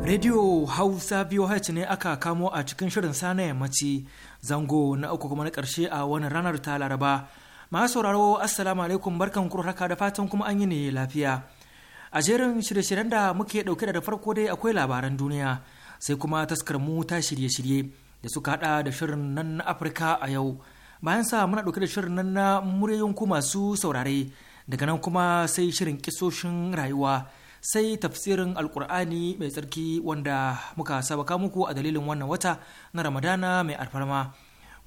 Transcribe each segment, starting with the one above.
Radio Hausa biyu VOH ne aka kamo a cikin shirin sa na yammaci zango na uku kuma na ƙarshe a wani ranar ta Laraba. Masu sauraro Assalamu alaikum barkan haka da fatan kuma an yi ne lafiya. A jerin shirye-shiryen da muke ɗauke da farko dai akwai labaran duniya sai kuma taskar mu ta shirye-shirye da suka haɗa da shirin nan na Afirka a yau. Bayan sa muna ɗauke da shirin nan na muryoyin ku masu saurare daga nan kuma sai shirin kisoshin rayuwa. sai tafsirin alkur'ani mai tsarki wanda muka sabaka muku a dalilin wannan wata na ramadana mai alfarma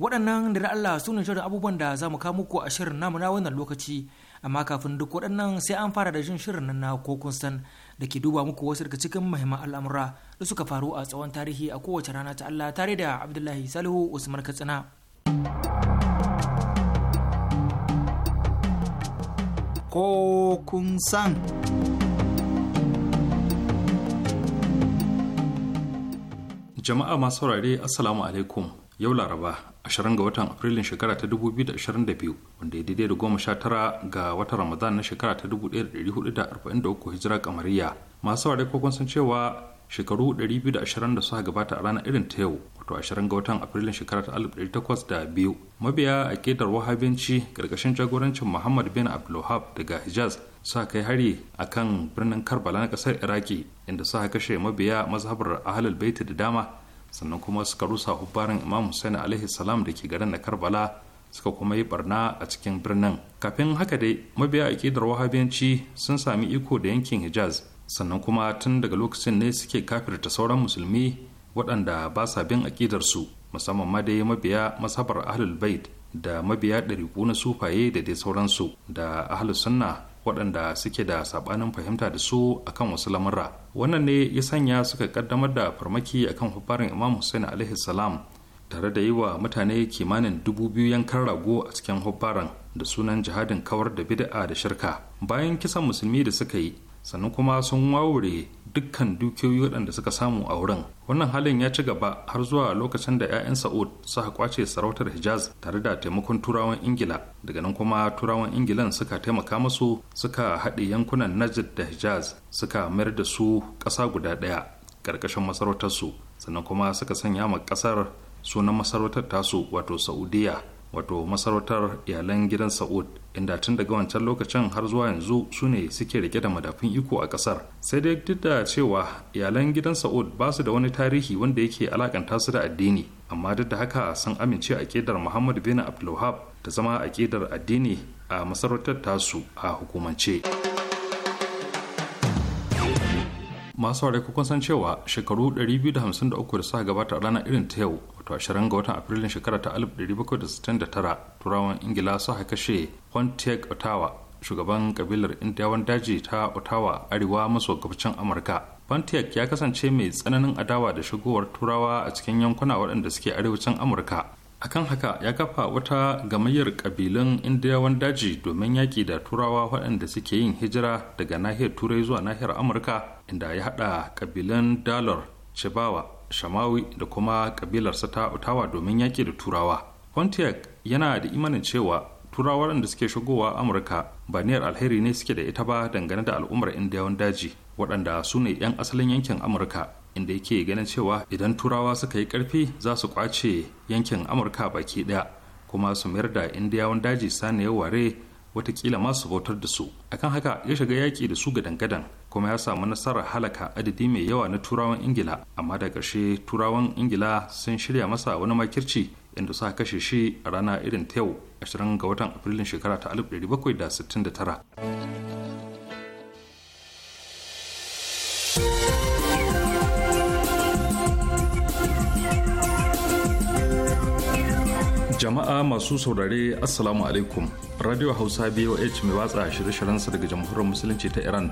waɗannan da Allah su ne shirin abubuwan da za mu kawo muku a shirin namu na wannan lokaci amma kafin duk waɗannan sai an fara da jin shirin nan na ko san da ke duba muku wasu daga cikin muhimman al'amura da suka faru a tsawon tarihi a kowace rana ta Allah tare da Abdullahi Salihu Usman Katsina. Ko kun san. Jama'a masu saurare Assalamu alaikum yau Laraba 20 ga watan Afrilun shekara ta 2022 wanda ya daidai da goma sha tara ga watan Ramadan na shekara ta 1443 hijira kamariya. Masu saurare ko sun cewa shekaru 220 da suka gabata a ranar irin ta yau wato 20 ga watan Afrilun shekara ta 1802 mabiya a kedar wahabinci gargashin jagorancin Muhammad bin Abdulwahab daga Hijaz sa kai hari a kan birnin karbala na kasar iraki inda suka kashe mabiya mazhabar ahalul baiti da dama sannan kuma suka rusa hubbarin imam hussein alaihi salam da ke garin na karbala suka kuma yi barna a cikin birnin kafin haka dai mabiya aƙidar wahabiyanci sun sami iko da yankin hijaz sannan kuma tun daga lokacin ne suke kafirta sauran musulmi waɗanda ba sa bin aƙidarsu musamman ma dai mabiya mazhabar ahlul bait da mabiya ɗariƙu na sufaye da dai sauransu da ahlus sunna waɗanda suke da saɓanin fahimta da su akan wasu lamurra wannan ne ya sanya suka kaddamar da farmaki akan hufarin imam hussein alaihi tare da yi wa mutane kimanin dubu biyu yankan rago a cikin hufarin da sunan jihadin kawar da bid'a da shirka bayan kisan musulmi da suka yi sannan kuma sun waure dukkan dukiyoyi waɗanda suka samu a wurin wannan halin ya ci gaba har zuwa lokacin da 'ya'yan sa'ud suka kwace sarautar hijaz tare da taimakon turawan ingila daga nan kuma turawan ingilan suka taimaka musu suka haɗe yankunan najd da hijaz suka mayar da su ƙasa guda ɗaya ƙarƙashin masarautarsu sannan kuma suka sanya ma ƙasar sunan masarautar tasu wato saudiyya. wato masarautar iyalan gidan sa'ud inda tun daga wancan lokacin har zuwa yanzu su ne suke rike da madafin iko a kasar sai dai duk da cewa iyalan gidan sa'ud ba su da wani tarihi wanda yake alakanta su da addini amma duk da haka sun amince a kedar muhammad bin abdulwahab ta zama a kedar addini a masarautar tasu a hukumance masu kukun san cewa shekaru 253 da suka gabata a ranar irin ta yau wato 20 ga watan afrilun shekara ta 1769 turawan ingila su kashe pontiac ottawa shugaban kabilar indiyawan daji ta ottawa arewa maso gabacin amurka pontiac ya kasance mai tsananin adawa da shigowar turawa a cikin yankuna waɗanda suke arewacin amurka akan haka ya kafa wata gamayyar kabilun indiyawan daji domin yaƙi da turawa waɗanda suke yin hijira daga nahiyar turai zuwa nahiyar amurka inda ya haɗa kabilan dalar cibawa. shamawi da kuma kabilarsa ta otawa domin yaƙi da turawa pontiac yana da imanin cewa Turawa da suke shigowa amurka ba niyar alheri ne suke da ita ba dangane da al'ummar indiyawan daji waɗanda su ne 'yan asalin yankin amurka inda yake ganin cewa idan turawa suka yi ƙarfi za su kwace yankin amurka baki ɗaya kuma su mayar da indiyawan daji saniyar ware watakila masu bautar da su akan haka ya shiga yaƙi da su ga gadan kuma ya samu nasarar halaka adadi mai yawa na turawan ingila amma da ƙarshe turawan ingila sun shirya masa wani makirci inda suka kashe shi a rana irin ta yau 20 ga watan afrilun shekara ta 1769 jama'a masu saurare assalamu alaikum radio hausa boh mai watsa shirye shiryen daga jamhuriyar musulunci ta iran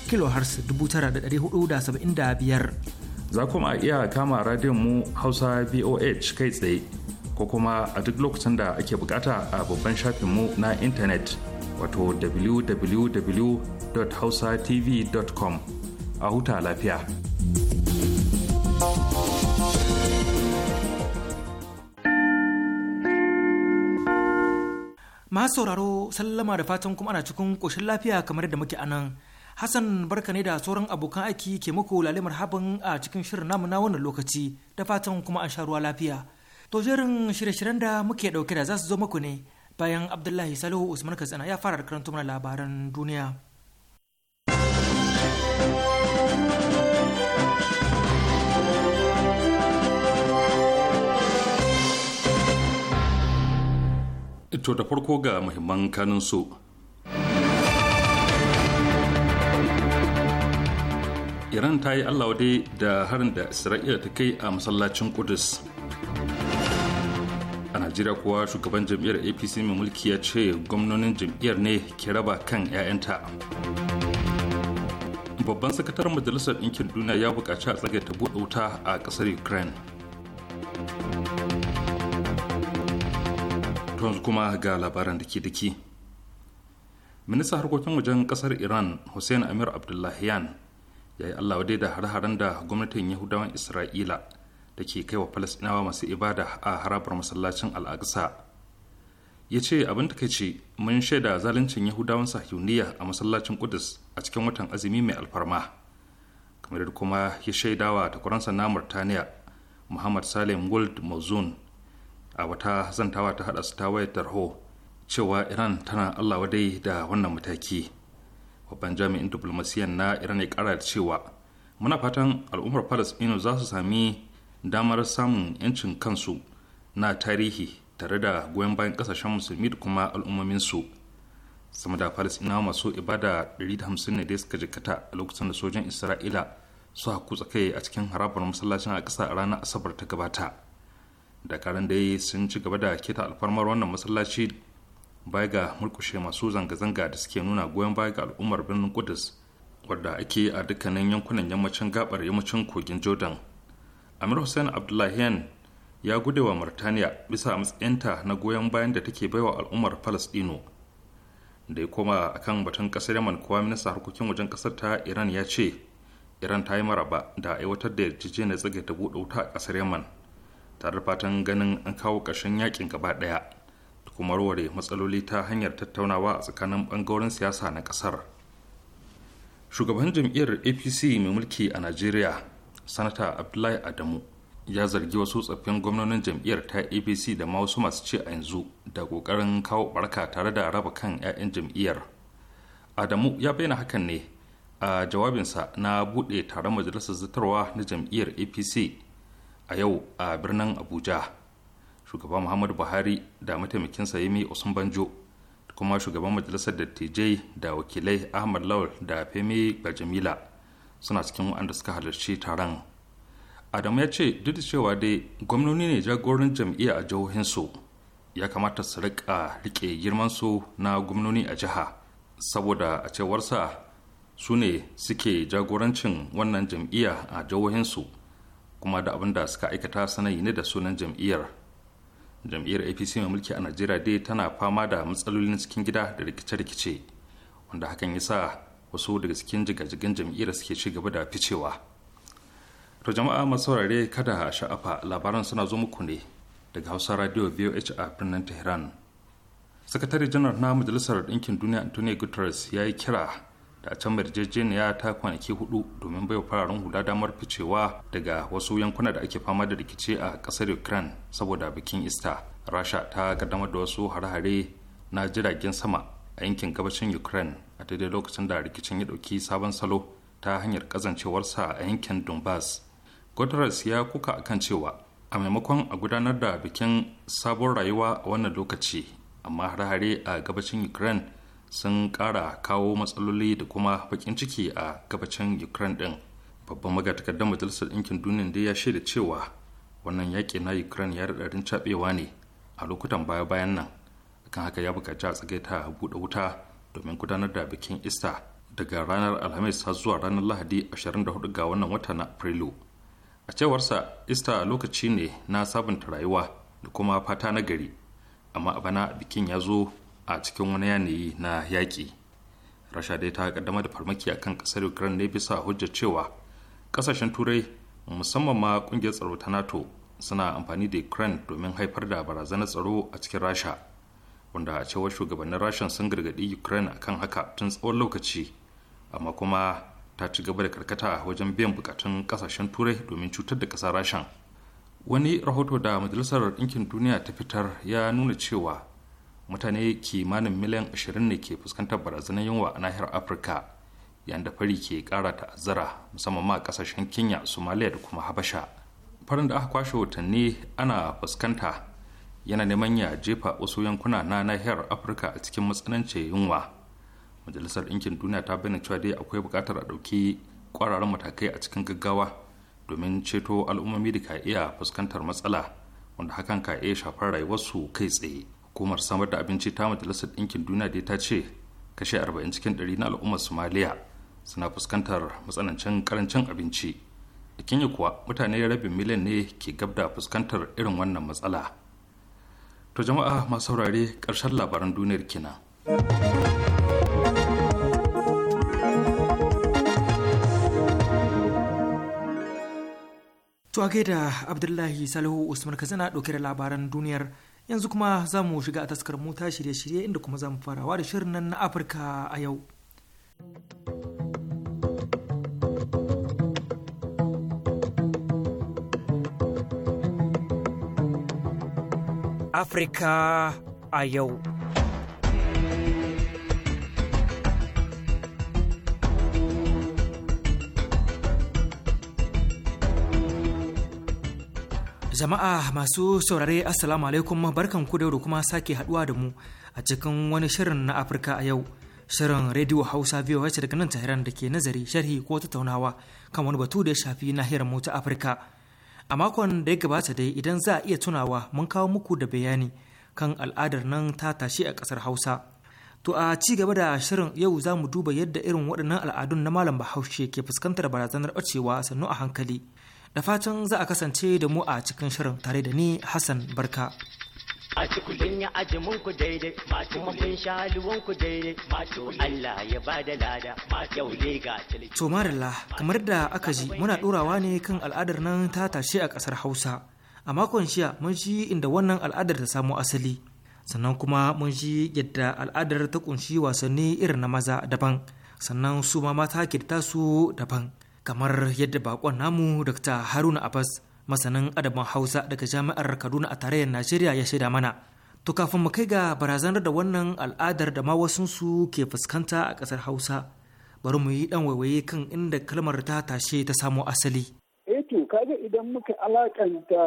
kilohertz 9475 za kuma iya kama radiyon mu hausa boh kai tsaye ko kuma a duk lokacin da ake bukata a babban mu na intanet wato www.hausatv.com a huta lafiya. Masu sauraro sallama da fatan kuma ana cikin koshin lafiya kamar da muke anan. Hassan barka ne da sauran abokan aiki ke muku lalle Marhaban a cikin shirin namu na wannan lokaci da fatan kuma an sha ruwa lafiya. To jerin shirye-shiryen da muke dauke da za su zo muku ne bayan Abdullahi Salihu Usman Katsina ya fara karanta mana labaran duniya. To da farko ga muhimman kanunsu. iran ta yi allah da harin da isra'ila ta kai a masallacin kudus a najeriya kuwa shugaban jam'iyyar apc mai mulki ya ce gwamnonin jam'iyyar ne ke raba kan 'ya'yanta babban sakataren majalisar ɗinkin duniya ya buƙaci a tsage ta buɗe wuta a ƙasar ukraine yanzu kuma ga labaran da ke daki ministan harkokin wajen ƙasar iran hussein amir abdullahiyan ya yi allah wadai da har-haren da gwamnatin yahudawan isra'ila da ke kai wa falasɗinawa masu ibada a harabar masallacin al'aqsa ya ce abin da ce mun shaida zaluncin yahudawan sahiyuniya a masallacin kudus a cikin watan azumi mai alfarma kamar da kuma ya shaidawa takwaransa na murtaniya muhammad salim gold mazun a wata zantawa ta hada su ta wayar tarho cewa iran tana allah wadai da wannan mataki babban jami'in diplomasiyya na iran ya kara da cewa muna fatan al'ummar palestino za su sami damar samun 'yancin kansu na tarihi tare da goyon bayan kasashen musulmi da kuma al'ummominsu sama da ina masu ibada 150 ne da suka jikata a lokacin da sojan isra'ila su kutsa kai a cikin harabar masallacin a ƙasa a ranar asabar ta gabata dakarun dai sun ci gaba da keta alfarmar wannan masallaci baya ga murkushe masu zanga-zanga da suke nuna goyon baya ga al'ummar birnin kudus wadda ake a dukkanin yankunan yammacin gabar yammacin kogin jordan amir hussein abdullahian ya gude wa murtaniya bisa matsayinta na goyon bayan da take baiwa al'ummar palestino da ya koma akan batun kasar yaman kuwa minista harkokin wajen kasar ta iran ya ce iran ta yi maraba da aiwatar da yarjejeniyar tsage ta buɗe wuta a kasar yaman tare da fatan ganin an kawo ƙarshen yakin gaba ɗaya kuma warware matsaloli ta hanyar tattaunawa a tsakanin ɓangaren siyasa na kasar. shugaban jam'iyyar apc mai mulki a najeriya sanata abdullahi adamu ya zargi wasu tsaffin gwamnonin jam'iyyar ta apc da ma wasu masu ce a yanzu da kokarin kawo barka tare da raba kan 'ya'yan jam'iyyar adamu ya bayyana hakan ne a jawabinsa na buɗe taron majalisar zartarwa na jam'iyyar apc a yau a birnin abuja shugaba muhammadu buhari da mataimakinsa yemi osunbanjo da kuma shugaban majalisar dattijai da wakilai ahmad lawal da femi bajamila suna cikin waɗanda suka halarci taron adamu ya ce duk da cewa dai gwamnoni ne jagoran jam'iyya a jihohinsu ya kamata su riƙa riƙe su na gwamnoni a jiha saboda a cewarsa su ne suke jagorancin wannan jam'iyya a jihohinsu kuma da abin da suka aikata sanayi ne da sunan jam'iyyar jam'iyyar apc mai mulki a najeriya dai tana fama da matsalolin cikin gida da rikice-rikice wanda hakan ya sa wasu daga cikin jigajigan jam'iyyar suke ci gaba da ficewa to jama'a masu saurare kada a sha'afa labaran suna zo muku ne daga hausa radio voh a birnin tehran sakatare janar na majalisar ɗinkin duniya antonio guterres ya yi kira da can yarjejeniya ta kwanaki hudu domin baiwa fararen hula damar ficewa daga wasu yankuna da ake fama da rikici a kasar ukraine saboda bikin easter rasha ta kaddamar da wasu hare-hare na jiragen sama a yankin gabashin ukraine a daidai lokacin da rikicin ya dauki sabon salo ta hanyar kazancewarsa a yankin donbass guterres ya kuka akan cewa a maimakon a gudanar da bikin sabon rayuwa a wannan lokaci amma hare-hare a gabashin ukraine sun ƙara kawo matsaloli da kuma bakin ciki a gabacin ukraine din babban magatakardar majalisar ɗinkin duniya da ya shaida cewa wannan yaƙi na ukraine ya daɗarin cabewa ne a lokutan baya-bayan nan kan haka ya buƙaci a tsagaita buɗe wuta domin gudanar da bikin ista daga ranar alhamis har zuwa ranar lahadi 24 ga wannan wata na afrilu a cewarsa ista lokaci ne na sabunta rayuwa da kuma fata na gari amma a bana bikin ya zo a cikin wani yanayi na yaƙi rasha dai ta kaddama da farmaki a kan ƙasar ukraine ne bisa hujjar cewa ƙasashen turai musamman ma ƙungiyar tsaro ta nato suna amfani da ukraine domin haifar da barazanar tsaro a cikin rasha wanda a cewar shugabannin rashan sun gargaɗi ukraine akan haka tun tsawon lokaci amma kuma ta ci gaba da karkata wajen biyan bukatun kasashen turai domin cutar da ƙasar rashan wani rahoto da majalisar ɗinkin duniya ta fitar ya nuna cewa mutane kimanin miliyan 20 ne ke fuskantar barazanar yunwa a nahiyar afirka yayin da fari ke kara ta'azzara musamman ma kasashen kenya somalia da kuma habasha farin da aka kwashe watanni ana fuskanta yana neman ya jefa wasu yankuna na nahiyar afirka a cikin matsanancin yunwa majalisar ɗinkin duniya ta bayyana cewa dai akwai buƙatar a ɗauki ƙwararren matakai a cikin gaggawa domin ceto al'ummomi da ka iya fuskantar matsala wanda hakan ka iya shafar rayuwarsu kai tsaye hukumar samar da abinci ta majalisar ɗinkin duniya dai ta ce kashe 40 cikin 100 na al'ummar somaliya suna fuskantar matsanancin karancin abinci a kenya kuwa mutane rabin miliyan ne ke gab da fuskantar irin wannan matsala to jama'a masu saurare ƙarshen labaran duniyar kenan. To a gaida Abdullahi Salihu Usman Kazana ɗauke da labaran duniyar yanzu kuma za mu shiga a taskar mota shirye-shirye inda kuma za mu farawa da shirin nan na afirka a yau afirka a yau Jama'a masu saurare Assalamu alaikum barkan ku da kuma sake haduwa da mu a cikin wani shirin na Afirka a yau. Shirin rediyo Hausa VOH daga nan Tahiran da ke nazari sharhi ko tattaunawa kan wani batu da ya shafi nahiyar mu ta Afirka. A makon da ya gabata dai idan za a iya tunawa mun kawo muku da bayani kan al'adar nan ta tashi a kasar Hausa. To a ci gaba da shirin yau za mu duba yadda irin waɗannan al'adun na Malam Bahaushe ke fuskantar barazanar ɓacewa sannu a hankali. da fatan za a kasance da mu a cikin shirin tare da ni Hassan Barka. a cikin ya aji ku daidai kuma kun sha ku daidai Allah ya ba da lada yau ne ga to marilla kamar da aka ji muna ɗorawa ne kan al'adar nan ta tashe a ƙasar Hausa a makon shiya mun ji inda wannan al'adar ta samo asali sannan kuma mun ji yadda al'adar ta ƙunshi wasanni irin na maza daban sannan su ma mata ke tasu daban kamar yadda bakon namu dr haruna abbas masanin adabin hausa daga jami'ar kaduna a tarayyar najeriya ya shaida mana to kafin mu kai ga barazanar da wannan al'adar da ma wasunsu ke fuskanta a ƙasar hausa bari mu yi dan waiwaye kan inda kalmar ta tashe ta samo asali eh to kaga idan muka alakanta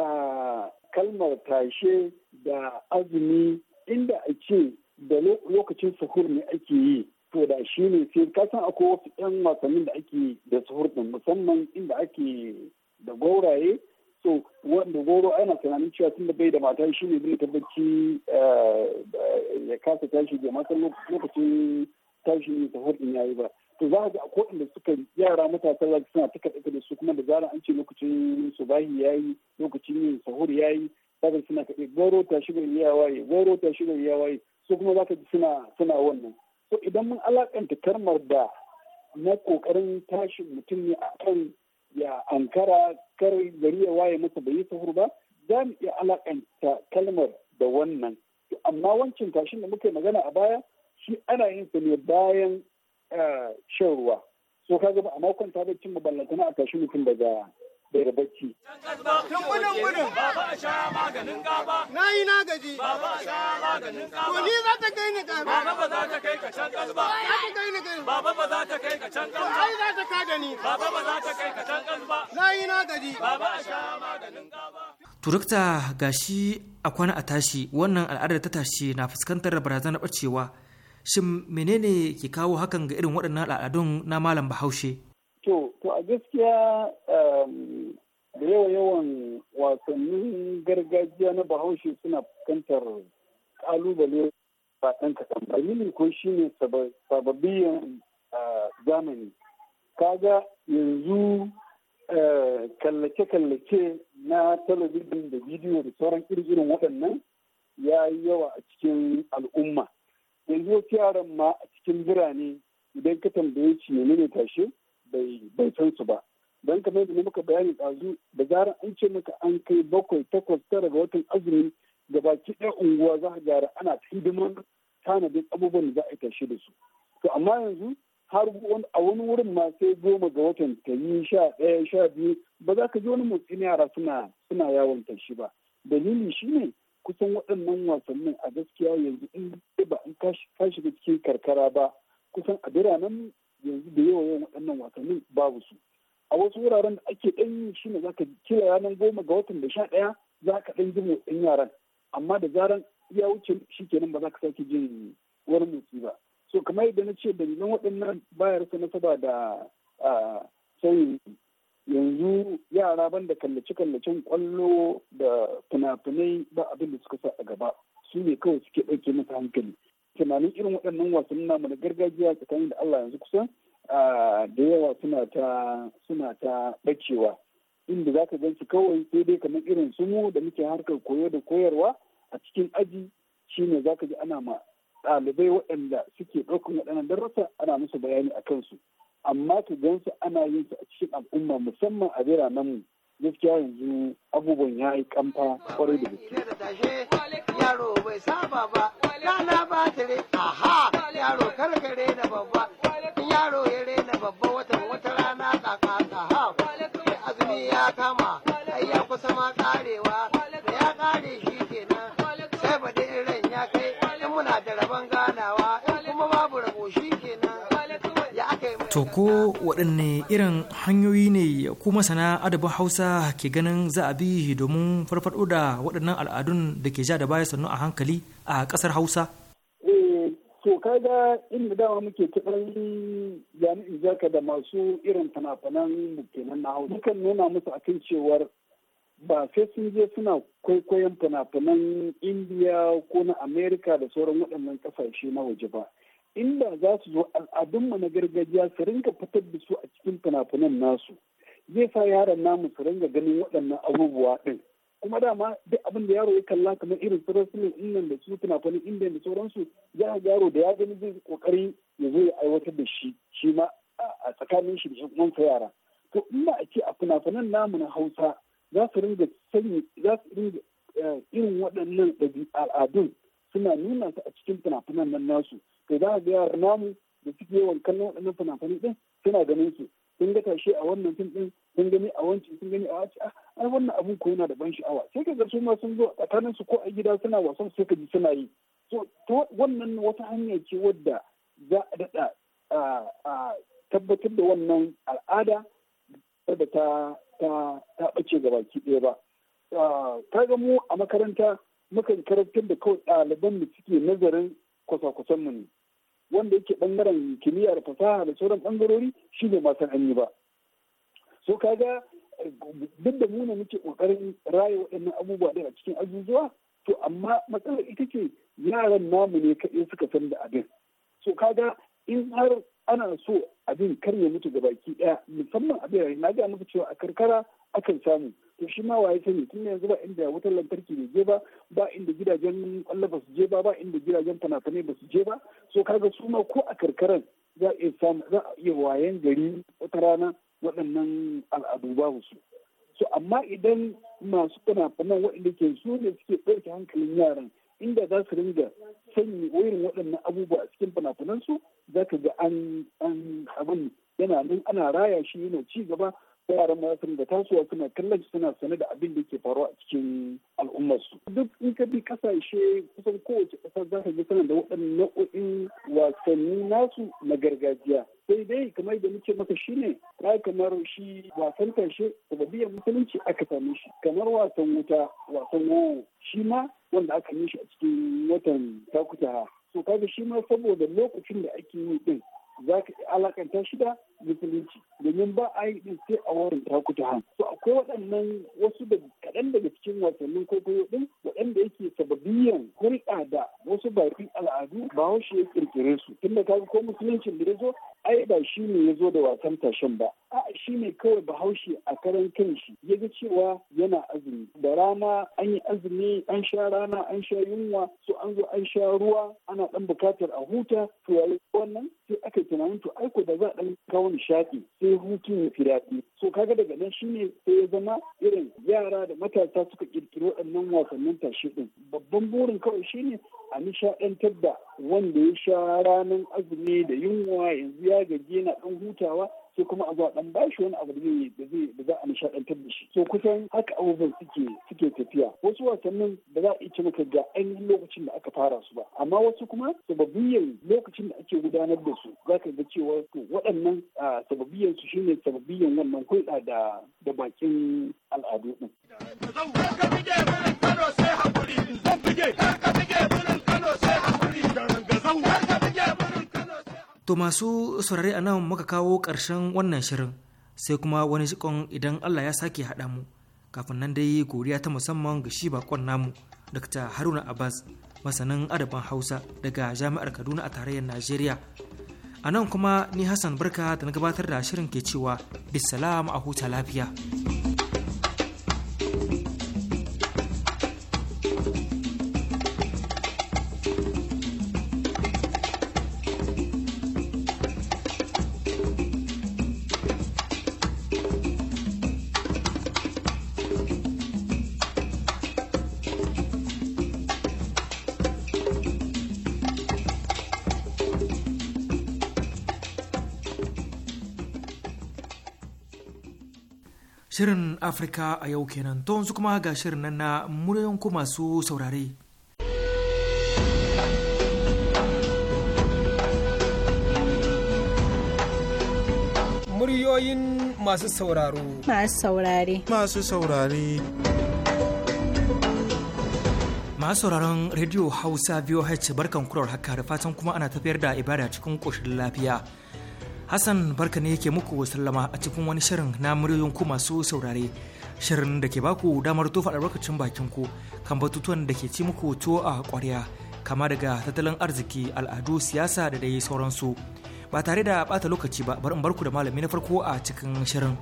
kalmar tashe da azumi inda a ce da lokacin sahur ne ake yi to da shi ne sai kasan akwai wasu 'yan wasannin da ake da suhurtun musamman inda ake da gauraye so wanda goro ana tunanin cewa tun da bai da mata shi ne zai tabbaci eh, ya kasa tashi bai masa lokacin tashi ne ta ya yi ba to za ga akwai inda suka yara matasa za suna ta kaɗe da su kuma da zara an ce lokacin su ya yi lokacin yin sahur yayi za suna kaɗe goro ta shigar yawaye goro ta shigar yawaye su kuma za ka suna suna wannan so idan mun alakanta karmar da na kokarin tashi mutum ne a kan ya ankara kar gari ya waye masa bai yi sahur ba za mu iya alakanta kalmar da wannan amma wancan tashin da muka magana a baya shi ana yin sa ne bayan eh, shan ruwa so kaga ba a makon ta bacci ballantana a tashi mutum da daga daga bacci. Na yi na gaji. To ni za ta kai ni gaba. Baba ba za ta kai ka can ba. Za ta kai ni gaba. Baba ba za ta kai ka can kasba. ba. ai za ta ka da ni. Baba ba za ta kai ka can ba. Na yi na gaji. Baba a sha maganin gaba. Turukta gashi a kwana a tashi wannan al'adar ta tashi na fuskantar barazanar bacewa. Shin menene ke kawo hakan ga irin waɗannan al'adun na malam Bahaushe? To, to a gaskiya um, da yawa yawan wasannin gargajiya na bahaushe suna fuskantar kalubale ba ɗan kasan ba. Yini ko shi ne sababbiyan zamani. Kaga yanzu kallace-kallace na talabijin da bidiyo da sauran irin waɗannan ya yi yawa a cikin al'umma. Yanzu wasu yaran ma a cikin birane idan ka tambaye shi ne ne tashe bai san su ba don kamar yadda muka bayani ɗazu da zarar an ce maka an kai bakwai takwas tara ga watan azumi da baki ɗaya unguwa za a gyara ana hidiman tanadin abubuwan da za a tashi da su to amma yanzu har a wani wurin ma sai goma ga watan ta yi sha ɗaya sha biyu ba za ka ji wani motsin yara suna suna yawon tashi ba dalili shine kusan waɗannan wasannin a gaskiya yanzu in ba an kashi da cikin karkara ba kusan a biranen yanzu da yawa yawan waɗannan wasannin babu su a wasu wuraren da ake ɗan yi shi ne zaka kira ranar goma ga watan da sha ɗaya za ka ɗan ji motsin yaran amma da zaran ya wuce shi kenan ba za ka sake jin wani motsi ba so kamar yadda na ce da dalilan waɗannan su na nasaba da sauyin yanzu yara banda kallace-kallacen kwallo da fina-finai ba abin da suka sa a gaba su ne kawai suke ɗauke masa hankali tunanin irin waɗannan wasannin namu na gargajiya tsakanin da Allah yanzu kusan da yawa suna ta suna ta inda za ka ganci kawai sai dai kamar irin su mu da muke harkar koyo da koyarwa a cikin aji shine za ka ji ana ma ɗalibai waɗanda suke ɗaukar waɗannan darussa ana musu bayani a kansu amma ka gansu ana yin su a cikin al'umma musamman a biranen mu gaskiya yanzu abubuwan ya yi kamfa kwarai da gaske. dare aha yaro karkare na babba yaro ya rena babba watan wata rana kaka kaha azumi ya kama ai ya kusa ma karewa da ya kare shi kenan sai ba dai ran ya kai in muna da rabon ganawa kuma babu rabo shi kenan To ko waɗanne irin hanyoyi ne kuma masana adabin Hausa ke ganin za a bi domin farfaɗo da waɗannan al'adun da ke ja da baya sannu a hankali a ƙasar Hausa? ga inda dama muke kiɗan jami'in zaka da masu irin fina-finan kenan na hau. dukan nuna musu kan cewar ba sai sun je suna kwaikwayon fina-finan indiya ko na amerika da sauran waɗannan ƙasashe na waje ba inda za su zo al'adunmu na gargajiya su ringa fitar da su a cikin fina-finan nasu zai sa yaran namu su ringa ganin waɗannan abubuwa ɗin kuma dama duk abin da yaro ya kalla kamar irin su rasulun innan da su fina-finan indiya da sauransu ya ga yaro da ya gani zai kokari ya zo ya aiwatar da shi shi ma a tsakanin shi da shi kuma yara to ba a ce a fina-finan namu na hausa za su ringa sanya za su ringa eh, irin waɗannan al'adun suna nuna su a cikin fina-finan nan nasu to za a ga yara namu da suke yawan kallon waɗannan fina-finan din suna ganin su sun ga tashe a wannan fim din sun gani a wancan sun gani a wancan ah, ai wannan abun ko yana da ban sha'awa sai ka ga su ma sun zo tsakanin su ko a gida suna wasan sai ka ji suna yi so wannan wata hanya ce wadda za a daɗa tabbatar da wannan al'ada da ta ta ta ɓace gaba ki ɗaya ba ka ga mu a makaranta mukan karantar da kawai ɗaliban da suke nazarin kwasa-kwasan mu ne wanda yake bangaren kimiyya da fasaha da sauran bangarori shi ne masan an yi ba so kaga duk da muna muke kokarin raye waɗannan abubuwa da cikin azuzuwa to amma matsalar ita ce yaran namu ne kaɗai suka san da abin so kaga in har ana so abin kar ya mutu gabaki ɗaya musamman a birane na ga muku cewa a karkara akan samu to shi ma waye sani tun yanzu ba inda wutar lantarki bai je ba ba inda gidajen kwallo ba su je ba ba inda gidajen fanafane ba su je ba so kaga su ma ko a karkarar za a iya za a iya wayan gari wata rana waɗannan al'adu ba su so amma idan masu kana fanan waɗanda ke su ne suke ɗauke hankalin yaran inda za su ringa sanya wayan waɗannan abubuwa a cikin fana-fanansu za ka ga an abin yana nan ana raya shi yana ci gaba yaran wasan da tasowa suna kallon suna sane da abin da ke faruwa a cikin al'ummarsu duk in ka bi kasashe kusan kowace ƙasa za ka ga suna da waɗannan nau'o'in wasanni nasu na gargajiya sai dai kamar da muke maka shine ta kamar shi wasan karshe sababiyar musulunci aka same shi kamar wasan wuta wasan wowo shi ma wanda aka yi shi a cikin watan takutaha. so kaga shi ma saboda lokacin da ake yi din za ka alakanta shi da musulunci domin ba a yi din sai a wurin takuta han so akwai waɗannan wasu da kaɗan daga cikin wasannin kwaikwayo ɗin waɗanda yake sababiyan hulɗa da wasu baƙi al'adu ba wasu ya ƙirƙire su tunda ka ko musulunci da ya zo ai ba shi ne ya zo da wasan tashin ba a shi ne kawai bahaushe a karan shi ya ga cewa yana azumi da rana an yi azumi an sha rana an sha yunwa Su an zo an sha ruwa ana dan bukatar a huta to yayi wannan sai aka tunanin to aiko da za a dan kawo nishaɗi sai hutun ya fi daɗi so kaga daga nan shi ne sai ya zama irin yara da matasa suka kirkiro wannan wasannin tashe ɗin babban burin kawai shi ne a nishaɗantar da wanda ya sha ranar azumi da yunwa yanzu ya gaji yana ɗan hutawa sai kuma a zuwa ɗan bashi wani abu da zai da za a da shi so kusan haka abubuwan suke suke tafiya wasu wasannin ba za a iya maka ga ainihin lokacin da aka fara su ba amma wasu kuma sababbiyan lokacin da ake gudanar da su za ka ga cewa to waɗannan sababbiyan su shine sababbiyan wannan hulɗa da da bakin al'adu din. To masu saurari a nan muka kawo ƙarshen wannan shirin sai kuma wani shikon idan Allah ya sake haɗa mu kafin nan dai godiya ta musamman ga shi bakon namu Dr. Haruna Abbas masanin adabin Hausa daga Jami'ar Kaduna a tarayyar Najeriya. A nan kuma ni Hassan Barka da na gabatar da shirin ke cewa bisalam a huta lafiya. Shirin Afirka a yau kenan to yanzu kuma ga shirin nan na muryoyin ku masu saurare. Muryoyin masu sauraro. Masu saurare. Masu saurare. masu sauraron rediyo hausa voh barkan kurar haka da fatan kuma ana tafiyar da ibada cikin ƙoshin lafiya Hassan barka ne yake muku sallama a cikin wani shirin na muryoyin ku masu saurare. Shirin da ke baku damar tofa lokacin bakin ku kan batutuwan da ke ci muku tuwo a ƙwarya kama daga tattalin arziki, al'adu, siyasa da dai sauransu. Ba tare da bata lokaci ba bar in barku da malami na farko a cikin shirin.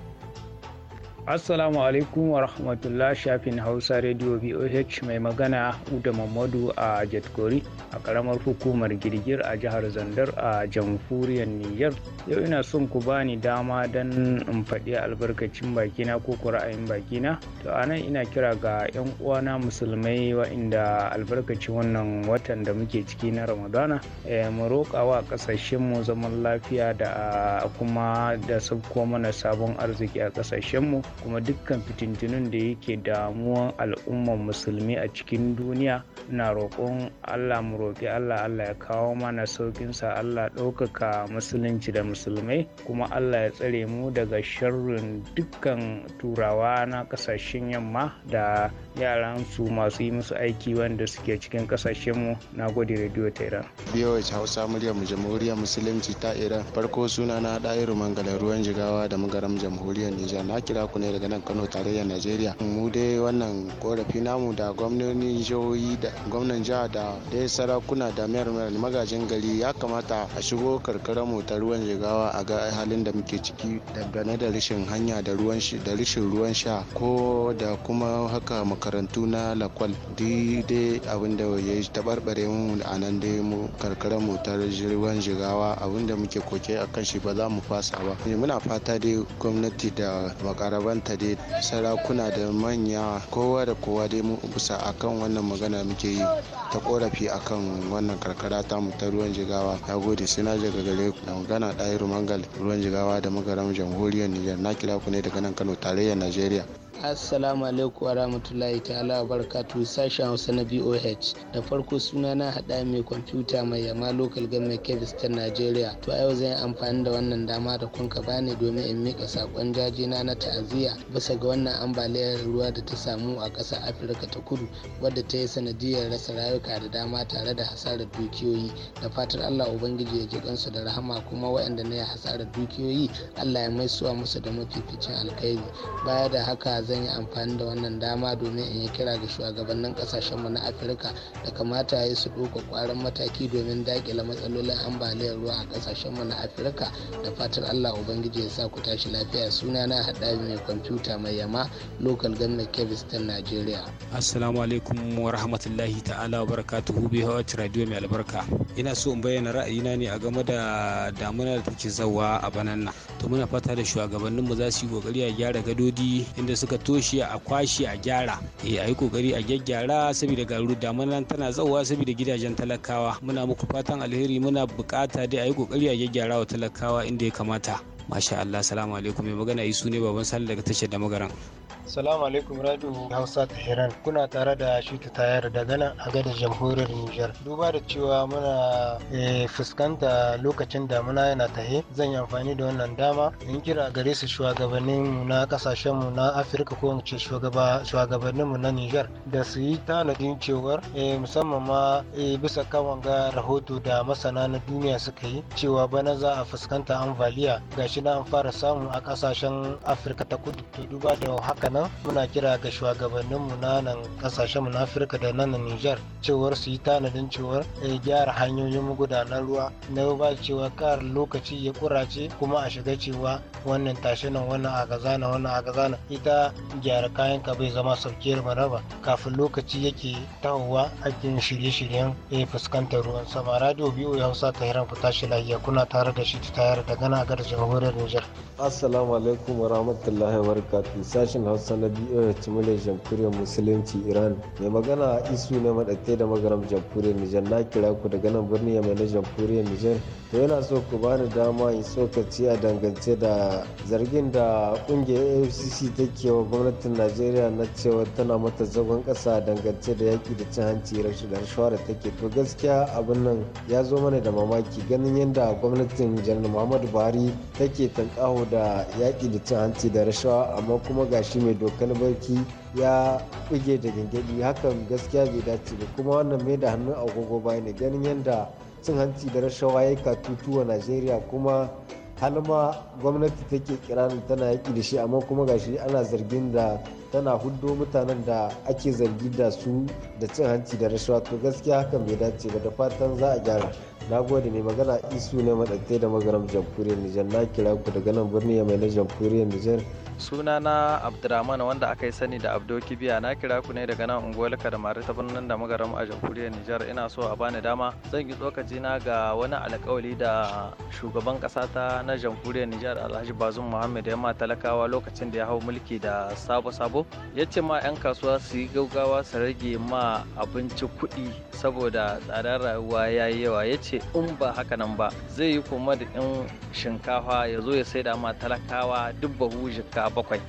Assalamu alaikum wa rahmatullah shafin Hausa Radio BOH mai magana Uda Mamadu a Jatkori a karamar hukumar girgir a jihar Zandar a jamhuriyar Niger. Yau ina son ku bani dama don in faɗi albarkacin bakina ko ku ra'ayin bakina. To a nan ina kira ga 'yan uwana musulmai wa'inda albarkacin wannan watan da muke ciki na Ramadana. E, mu roƙa wa ƙasashenmu zaman lafiya da kuma da sabko mana sabon arziki a ƙasashenmu. kuma dukkan fitintunun da yake damuwan al'umman musulmi a cikin duniya na roƙon allah mu roƙi allah allah ya kawo mana sauƙinsa allah ɗaukaka musulunci da musulmai kuma allah ya tsare mu daga sharrin dukkan turawa na ƙasashen yamma da yaran su masu yi musu aiki wanda suke cikin kasashenmu na gode radio tehran biyawai hausa muryar jamhuriyar musulunci ta iran farko suna na ɗayiru mangalar ruwan jigawa da magaram jamhuriyar nijar na kira ku ne daga nan kano tarayyar najeriya mu dai wannan korafi namu da gwamnonin jihohi da gwamnan jiha da dai sarakuna da mayar magajin gari ya kamata a shigo karkarar mu ta ruwan jigawa a ga halin da muke ciki dangane da rashin hanya da rashin ruwan sha ko da kuma haka makarantu na lakwal daidai abinda da ya taɓarɓare mu a nan dai mu karkarar mu ta jirgin jigawa abinda muke koke a kan shi ba za mu fasa ba eh, muna fata dai gwamnati da makarabanta dai sarakuna da manya kowa da kowa dai mu bisa akan wannan magana muke yi ta korafi akan wannan karkara ta mu ta ruwan jigawa ya gode sai na jaga gare ku da magana ɗaya rumangal ruwan jigawa da magaram jamhuriyar nijar na kira ku ne daga nan kano tarayyar najeriya Assalamu alaikum wa rahmatullahi ta'ala wa barakatu sashen Hausa na BOH. Da farko suna na haɗa mai kwamfuta mai yamma lokal government kebis ta Najeriya. To a yau zan yi amfani da wannan dama da kunka bani domin in mika sakon jajina na ta'aziyya bisa ga wannan ambaliyar ruwa da ta samu a ƙasar Afirka ta kudu wadda ta yi sanadiyar rasa rayuka da dama tare da hasarar dukiyoyi. Da fatar Allah Ubangiji ya ji kansu da rahama kuma waɗanda na yi hasarar dukiyoyi Allah ya maisuwa musu da mafificin alkhairi. Baya da haka zan yi amfani da wannan dama domin in yi kira ga shugabannin kasashenmu na afirka da kamata ya yi su ɗauka ƙwarin mataki domin dakile matsalolin ambaliyar ruwa a kasashenmu na afirka da fatar allah ubangiji ya sa ku tashi lafiya suna na haɗa mai kwamfuta mai yama local government kebis ta nigeria assalamu alaikum wa rahmatullahi ta'ala wa barakatuhu bi radio mai albarka ina so in bayyana ra'ayina ne a game da damuna da take zawa a banana to muna fata da shugabanninmu za su yi kokari a gyara gadodi inda suka aka toshe a kwashe a gyara e a yi kokari a gyaggyara saboda garu nan tana zauwa saboda gidajen talakawa muna muku fatan alheri muna bukata dai a yi kokari a gyaggyara wa talakawa inda ya kamata masha Allah salamu alaikum mai magana isu ne baban sale daga tashar da magaran Salamu alaikum radio Hausa ta Iran kuna tare da ta Tayar daga nan a gadar jamhuriyar Nijar. Duba da cewa muna eh, fuskanta lokacin damuna yana tahe zan yi amfani da wannan dama in kira gare su shugabannin mu na kasashen mu na Afirka ko ce shugabannin mu na Nijar da su yi tanadin cewar eh, musamman ma eh, bisa kan wanga rahoto da masana na duniya suka yi cewa bana za a fuskanta ambaliya gashi na an fara samu a kasashen Afirka ta kudu to duba da haka nan muna kira ga shugabanninmu na nan kasashenmu na afirka da nan nijar cewar su yi tanadin cewar ya eh, gyara hanyoyin gudanar ruwa na ba cewa kar lokaci ya kurace kuma a shiga cewa wannan tashi nan wannan a wannan a ita gyara kayan ka bai zama saukiyar maraba kafin lokaci yake tahowa ake shirye-shiryen eh, fuskantar ruwan sama radio biyu ya hausa ta hiran fita shi lahiya kuna tare da shi ta da gana a jamhuriyar nijar assalamu alaikum wa rahmatullahi wa barakatuh sashin hausa hausa ya jamhuriyar musulunci iran mai magana isu ne maɗatte da magaram jamhuriyar nijar na kira ku daga nan birni mai na jamhuriyar nijar to yana so ku ba ni dama in tsokaci a dangance da zargin da kungiyar afcc ke wa gwamnatin najeriya na cewa tana mata zagon kasa dangance da yaƙi da cin hanci rashin da rashawa da take to gaskiya abin nan ya zo mana da mamaki ganin yadda gwamnatin janar muhammadu buhari take tankaho da yaƙi da cin hanci da rashawa amma kuma gashi mai mai dokar barci ya buge da gangadi hakan gaskiya bai dace ba kuma wannan mai da hannun agogo ba ne ganin yadda cin hanci da rashawa ya katutu a najeriya kuma halma gwamnati take kirani tana yaki da shi amma kuma gashi ana zargin da tana huddo mutanen da ake zargi da su da cin hanci da rashawa to gaskiya hakan bai dace ba da fatan za a gyara na gode ne magana isu ne madattai da magaram jamhuriyar nijar na kira ku daga nan birni mai na jamhuriyar nijar suna na abdurrahman wanda aka yi sani da abdo kibiya na kira ku ne daga nan unguwar kadamari ta birnin da magaram a jamhuriyar nijar ina so a bani dama zan yi tsokaci na ga wani alkawali da shugaban kasa ta na jamhuriyar nijar alhaji bazum muhammad ya talakawa lokacin da ya hau mulki da sabo sabo ya ce ma 'yan kasuwa su yi gaugawa su rage ma abinci kuɗi saboda tsadar rayuwa ya yi yawa ya ce in ba haka nan ba zai yi kuma da ɗin shinkafa ya zo ya saida ma talakawa duk bahu jika bakwai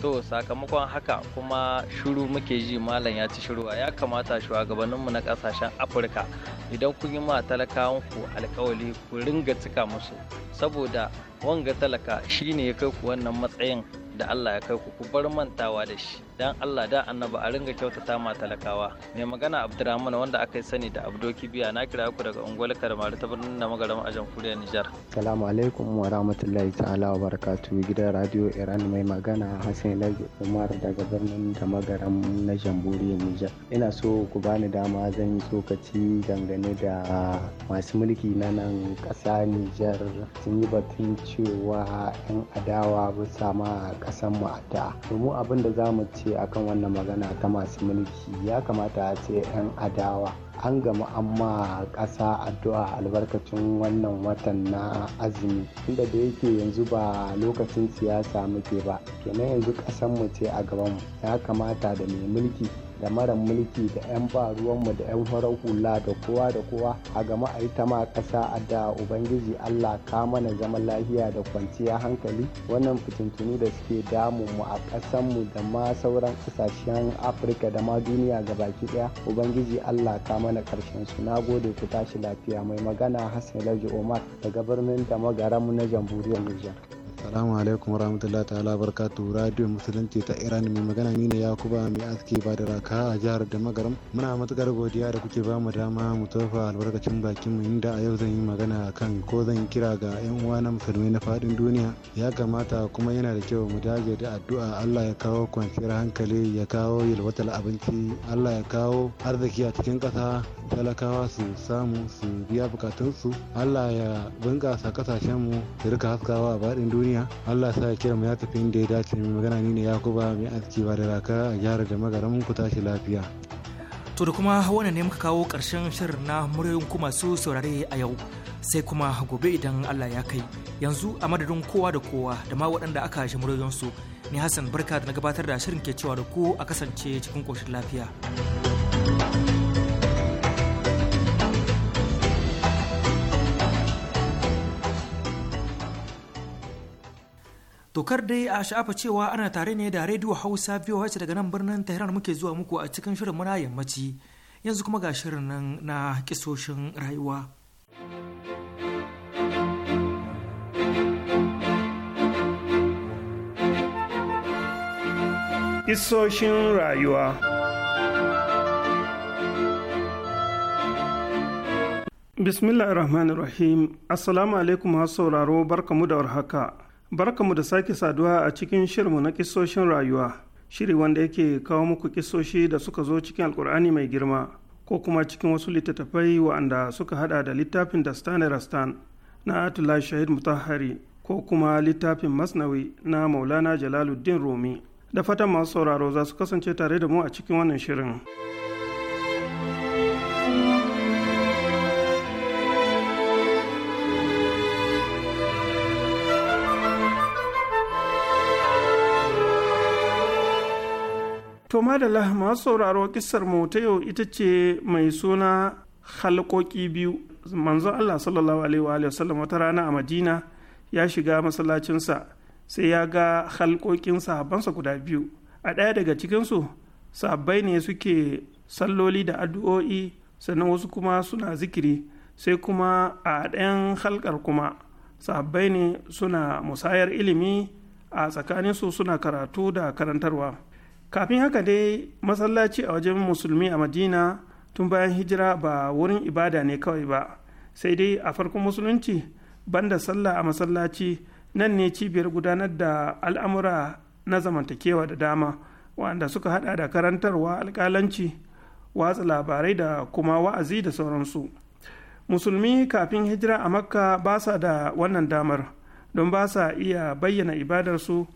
to sakamakon haka kuma shiru muke ji malam ya ci shiruwa ya kamata shugabanninmu na kasashen afirka idan kun yi ma talakawan ku alkawali ku ringa cika musu saboda wanga talaka shine ya kai ku wannan matsayin da Allah ya kai ku ku bar mantawa da shi dan Allah da annaba a ringa kyautata ma talakawa mai magana Abdurrahman wanda aka yi sani da Abdo Kibiya na kira ku daga Ungwal Karmari ta birnin Namagaram a jamhuriyar Nijar Assalamu alaikum wa rahmatullahi ta'ala wa barakatuh gidan radio Iran mai magana Hassan Lagi Umar daga birnin Namagaram na jamhuriyar Nijar ina so ku bani dama zan yi tsokaci dangane da masu mulki na nan kasa Nijar sun yi batun cewa 'yan adawa bisa ma kasan mu a da domin abin da za mu ce akan wannan magana ta masu mulki ya kamata a ce 'yan adawa an gama amma ƙasa addu'a albarkacin wannan watan na azumi inda da yake yanzu ba lokacin siyasa muke ba kenan yanzu ƙasan mu ce a gaban mu ya kamata da mai mulki da mara mulki da 'yan ba ruwanmu da 'yan farar hula da kowa da kowa a gama a yi ta ma ƙasa a da ubangiji allah ka mana zaman lafiya da kwanciya hankali wannan fitintunu da suke damu mu a ƙasanmu da ma sauran ƙasashen afirka da ma duniya baki ɗaya ubangiji allah ka mana ƙarshen su na gode ku tashi lafiya mai magana hassan laji omar daga birnin da magaranmu na jamhuriyar nijar Salamu alaikum warahmatullahi ta'ala barkatu radio musulunci ta Iran mai magana ni ne Yakuba mai aski ba da raka a jihar da magaram. Muna matukar godiya da kuke ba mu dama mu tofa albarkacin bakin mu inda a yau zan yi magana kan ko zan kira ga yan uwa na musulmai na fadin duniya. Ya kamata kuma yana da kyau mu dage da addu'a Allah ya kawo kwanciyar hankali ya kawo yalwatar abinci Allah ya kawo arziki a cikin ƙasa talakawa su samu su biya bukatunsu Allah ya bunƙasa kasashenmu su rika haskawa a fadin duniya duniya allah sa kira mu ya tafi inda ya dace mai magana ni ne yakuba mai aski ba da raka a jihar da magaran ku tashi lafiya to da kuma wannan ne muka kawo karshen shirin na muryoyin ku masu saurare a yau sai kuma gobe idan allah ya kai yanzu a madadin kowa da kowa da ma waɗanda aka shi su ni hassan barka da na gabatar da shirin ke cewa da ku a kasance cikin koshin lafiya. Tokar dai a sha'afa cewa ana tare ne da rediyo Hausa biyu VOH daga nan birnin Tehran muke zuwa muku a cikin shirin muna yammaci yanzu kuma ga shirin nan na kisoshin rayuwa. Kisoshin rayuwa Bismillahirrahmanirrahim Assalamu alaikum masu sauraro barkamu da warhaka. Barkanmu da sake saduwa a cikin shirinmu na kisoshin rayuwa, shiri wanda yake kawo muku kisoshi da suka zo cikin alkur'ani mai girma, ko kuma cikin wasu littattafai wa'anda suka hada da littafin da Stan Rastan na Atula Shahid Mutahari ko kuma littafin Masnawi na Maulana Jalaluddin Rumi. Da fatan masu sauraro za su kasance tare da mu a cikin wannan shirin. kuma da lahama sauraro kisar mu ta yau ita ce mai suna halkoki biyu. Manzon Allah sallallahu alaihi wa sallam wata rana a Madina ya shiga masallacinsa sai ya ga halkokin sahabbansa guda biyu. A ɗaya daga cikinsu sahabbai ne suke salloli da addu'o'i sannan wasu kuma suna zikiri sai kuma a ɗayan halkar kuma sahabbai ne suna musayar ilimi a tsakaninsu suna karatu da karantarwa. kafin haka dai masallaci a wajen musulmi a madina tun bayan hijira ba wurin ibada ne kawai ba sai dai a farkon musulunci banda sallah a masallaci nan ne cibiyar gudanar da al'amura na zamantakewa da dama wanda suka hada da karantarwa alkalanci watsa labarai da kuma wa'azi da sauransu musulmi kafin hijira a makka ba sa da wannan damar don ba sa iya bayyana ibadarsu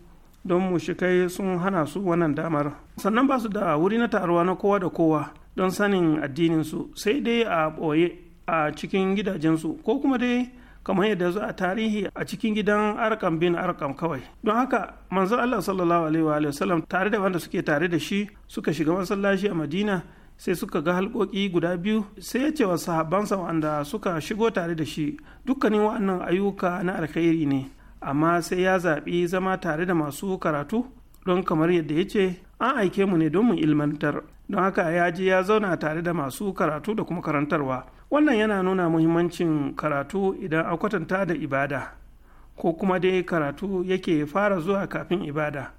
don mu kai sun hana su wannan damar sannan ba su da wuri na taruwa na kowa da kowa don sanin addininsu sai dai a ɓoye a cikin gidajensu ko kuma dai kamar yadda zo a tarihi a cikin gidan arkam bin arkam kawai don haka manzo Allah sallallahu alaihi wa sallam tare da wanda suke tare da shi suka shiga masallaci a Madina sai suka ga halƙoƙi guda biyu sai ya ce wa sahabbansa wanda suka shigo tare da shi dukkanin wa'annan ayyuka na alkhairi ne amma sai ya zaɓi zama tare da masu karatu don kamar yadda ya ce an aike mu ne don mu ilmantar don haka ya ji ya zauna tare da masu karatu da kuma karantarwa wannan yana nuna muhimmancin karatu idan a kwatanta da ibada ko kuma dai karatu yake fara zuwa kafin ibada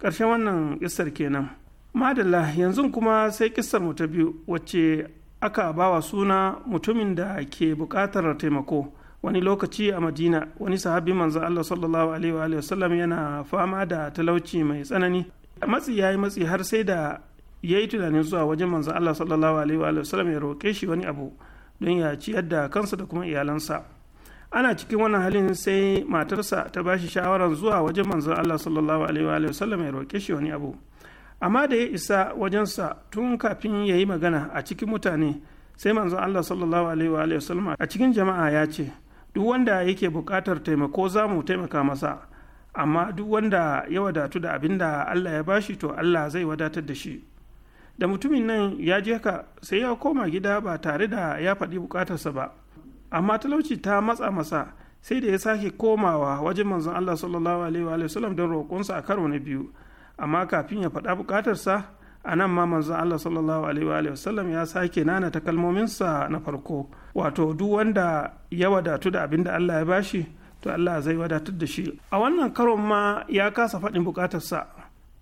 ƙarshen wannan ƙisar kenan madalla yanzu kuma sai ƙisar mu ta biyu wacce aka bawa suna mutumin da ke buƙatar taimako wani lokaci a madina wani sahabi manzo allah sallallahu alaihi wa sallam yana fama da talauci mai tsanani matsi ya yi matsi har sai da ya yi tunanin zuwa wajen manzo allah sallallahu alaihi wa sallam ya roƙe shi wani abu don ya ciyar da kansa da kuma iyalansa ana cikin wannan halin sai matarsa ta ba shi zuwa wajen manzo Allah sallallahu alaihi wa sallam ya roƙe shi wani abu amma da ya isa wajensa tun kafin ya yi magana a cikin mutane sai manzo Allah sallallahu alaihi wa sallam a cikin jama'a ya ce duk wanda yake buƙatar taimako za mu taimaka masa amma duk wanda ya wadatu da abin da Allah ya bashi to Allah zai wadatar da shi da mutumin nan ya je ka sai ya koma gida ba tare da ya faɗi buƙatarsa ba amma talauci ta matsa masa sai da ya sake komawa wajen manzon Allah sallallahu alaihi wa sallam don roƙonsa a karo na biyu amma kafin ya faɗa buƙatarsa a nan ma manzon Allah sallallahu alaihi wa sallam ya sake nana ta kalmominsa na farko wato duk wanda ya wadatu da abin da Allah ya bashi to Allah zai wadatar da shi a wannan karon ma ya kasa faɗin bukatarsa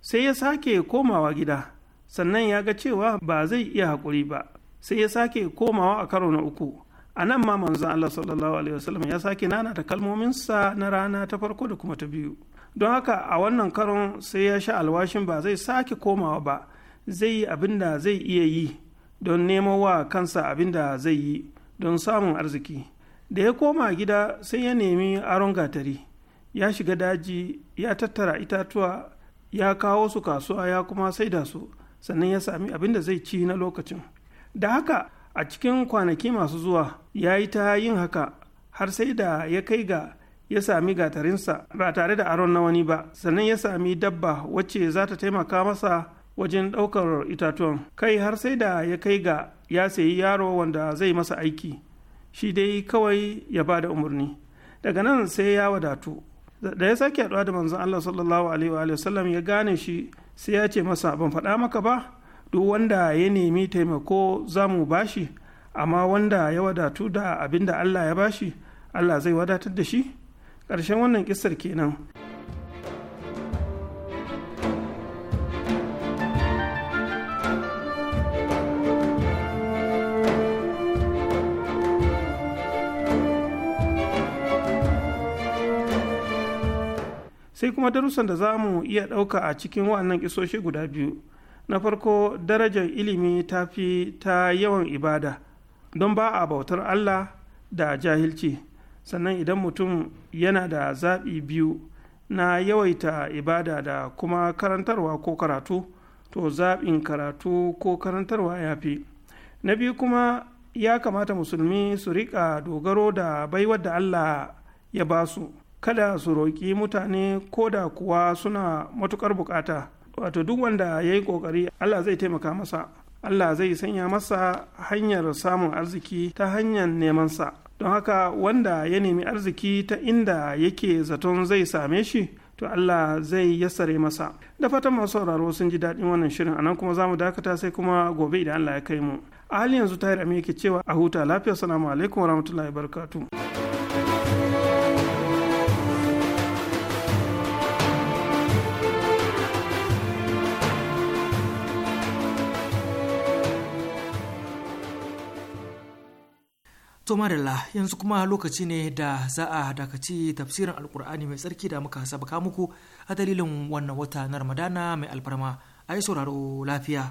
sai ya sake komawa gida sannan ya ga cewa ba zai iya hakuri ba sai ya sake komawa a karo na uku a nan ma manzon Allah sallallahu alaihi wasallam ya sake nana ta kalmominsa na rana ta farko da kuma ta biyu don haka a wannan karon sai ya sha alwashin ba zai sake komawa ba zai yi abin da zai iya yi don nemo wa kansa abin da zai yi don samun arziki da ya koma gida sai ya nemi aron gatari ya shiga daji ya tattara itatuwa ya kawo su kasuwa ya kuma saida su sannan ya sami abin da zai ci na lokacin da haka a cikin kwanaki masu zuwa ya yi ta yin haka har sai da ya kai ga ya sami gatarinsa ba tare da aron na wani ba sannan ya sami dabba wacce za ta taimaka masa wajen ɗaukar itatuwan kai har sai da ya kai ga ya sayi yaro wanda zai masa aiki shi dai kawai ya ba da umarni daga nan sai ya wadatu da ya sake haɗuwa da manzon Allah sallallahu alaihi wa sallam ya gane shi sai ya ce masa ban faɗa maka ba duk wanda ya nemi taimako za mu bashi amma wanda ya wadatu da abin da Allah ya bashi Allah zai wadatar da shi ƙarshen wannan kisar kenan. sai kuma darussan da za mu iya ɗauka a cikin wannan kisoshi guda biyu na farko darajar ilimi ta fi ta yawan ibada don ba a bautar allah da jahilci sannan idan mutum yana da zaɓi biyu na yawaita ibada da kuma karantarwa ko karatu to zaɓin karatu ko karantarwa ya fi na biyu kuma ya kamata musulmi su riƙa dogaro da baiwar da allah ya ba su kada su roƙi mutane ko da kuwa suna matuƙar buƙata wato duk wanda ya yi ƙoƙari allah zai taimaka masa allah zai sanya masa hanyar samun arziki ta hanyar nemansa don haka wanda ya nemi arziki ta inda yake zaton zai same shi to Allah zai yassare masa da fatan masu sauraro sun ji daɗin wannan shirin anan kuma za mu dakata sai kuma gobe idan Allah ya kai mu a hali yanzu tahir yake cewa a huta lafiya salamu alaikum warahmatullahi barakatuh To Marilla, yanzu kuma lokaci ne da za a dakaci tafsirin alkur'ani mai tsarki da muka sabaka muku a dalilin wannan wata na ramadana mai alfarma a yi sauraro lafiya.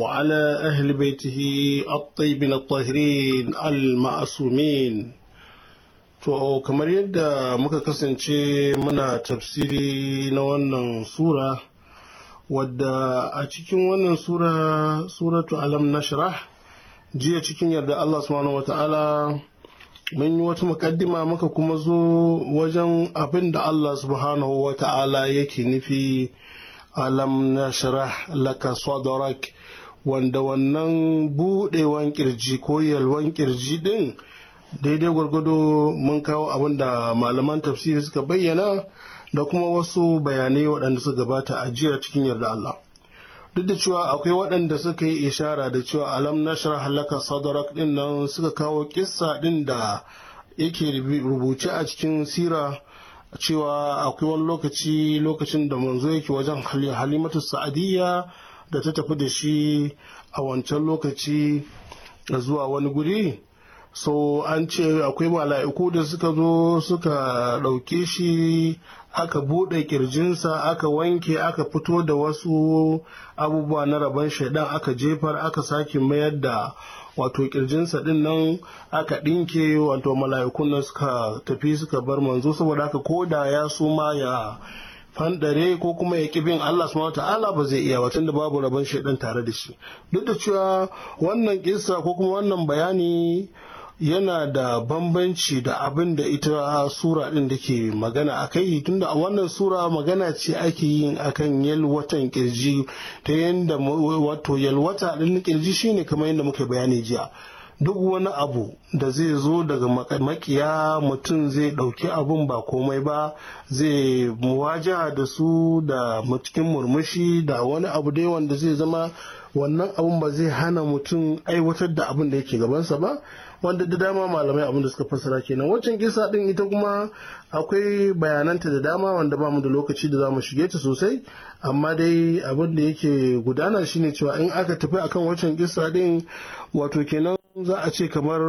وعلى أهل بيته الطيبين الطاهرين المعصومين To kamar yadda muka kasance muna tafsiri na wannan sura wadda a cikin wannan sura suratu alam nashrah jiya cikin yarda Allah subhanahu wa mun yi wata mukaddima muka kuma zo wajen abin da Allah subhanahu wa yake nufi alam nashrah laka sadrak wanda wannan buɗewan kirji ko yalwan kirji din daidai gwargwado mun kawo abin da malaman tafsiri suka bayyana da kuma wasu bayanai waɗanda suka gabata a jiya cikin yarda Allah duk da cewa akwai waɗanda suka yi ishara da cewa alam shirar halaka sadarak ɗin nan suka kawo kissa ɗin da yake rubuce a cikin sira cewa akwai wani lokaci lokacin da manzo yake wajen halimatu sa'adiyya da ta tafi da shi a wancan lokaci zuwa wani guri so an ce akwai mala'iku da suka zo suka ɗauke shi aka buɗe ƙirjinsa aka wanke aka fito da wasu abubuwa na rabon shaidan aka jefar aka sake mayar da wato ƙirjinsa ɗin nan aka ɗinke wato mala'ikun nan suka tafi suka bar manzo saboda aka ko da ya suma ya fandare ko kuma ya bin Allah subhanahu ta'ala ba zai iya watan da babu rabon shaidan tare da shi duk da cewa wannan kissa ko kuma wannan bayani yana da bambanci da abin da ita sura ɗin da ke magana a kai tunda a wannan sura magana ce ake yin kan yalwatan kirji ta yadda wato yalwata ɗin kirji shine kamar yadda muke bayani jiya duk wani abu da zai zo daga makiya mutum zai ɗauki abun ba komai ba zai muwaja da su da cikin murmushi da wani abu dai wanda zai zama wannan abun ba zai hana mutum aiwatar da abin da yake gabansa ba wanda da dama malamai abin da suka fassara kenan wancan kisa din ita kuma akwai bayananta da dama wanda ba mu da lokaci da za mu shige ta sosai amma dai abin da yake gudana shine cewa in aka tafi akan wancan kisa din wato kenan za a ce kamar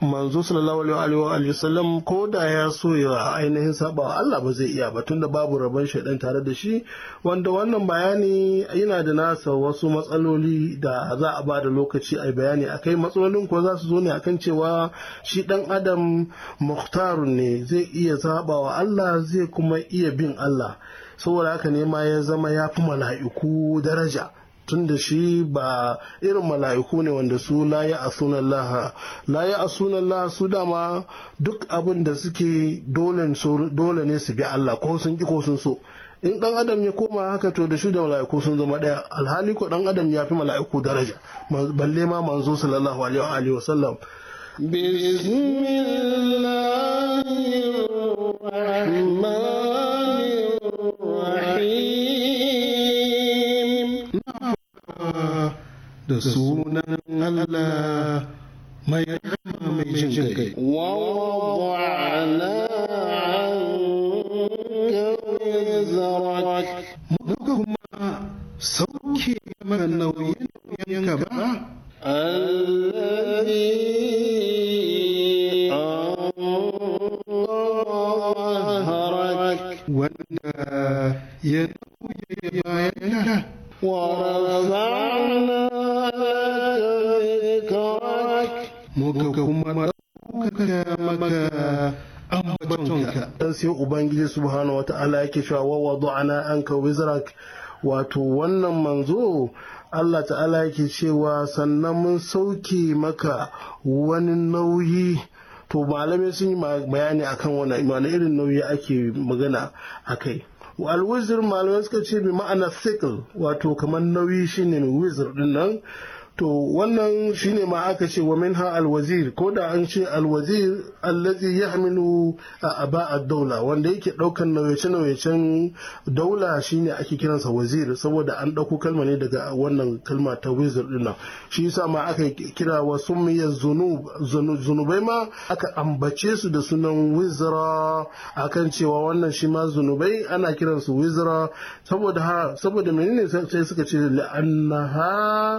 manzo sallallahu alaihi wa sallam ko da ya so ya ainihin saba Allah ba zai iya ba tunda babu rabon shaidan tare da shi wanda wannan bayani yana da nasa wasu matsaloli da za a ba da lokaci a bayani akai matsalolin ko za su zo ne akan cewa shi dan adam muhtarun ne zai iya saba Allah zai kuma iya bin Allah saboda haka ne ma ya zama ya fi mala'iku daraja tun da shi ba irin mala'iku ne wanda su la ya asunallaha la ya Laha su dama duk abin da suke dole ne su bi Allah ko sun ki ko sun so in dan adam ya koma haka to da shi da mala'iku sun zama daya alhali ko dan adam ya fi mala'iku daraja balle ma manzo sallallahu alaihi wa sallam بسم الله da sunan Allah mai rahama mai jin kai muka kuma sauke maka nauyin yanka ba wanda ya nauye bayan ka ورفعنا muka kuma ɗaukaka maka ambatonka dan sai ubangiji subhanahu wata'ala yake cewa wa wada'ana anka wizrak wato wannan manzo Allah ta'ala yake cewa sannan mun sauke maka wani nauyi to malamai sun yi bayani akan wani irin nauyi ake magana akai alwizir malamai suka ce bi ma'ana sickle wato kamar nauyi shine wizir din nan to wannan shine ma aka ce wa minha alwazir ko da an ce alwazir allazi a aba a daula wanda yake daukan nauyace nauyacen daula shine ake kiransa wazir saboda an ɗauko kalma ne daga wannan kalma ta wizir dinnan shi yasa ma aka kira wa sumiya zunubai ma aka ambace su da sunan wizra akan cewa wannan shi ma zunubai ana kiransu wizra saboda saboda menene sai suka ce la'annaha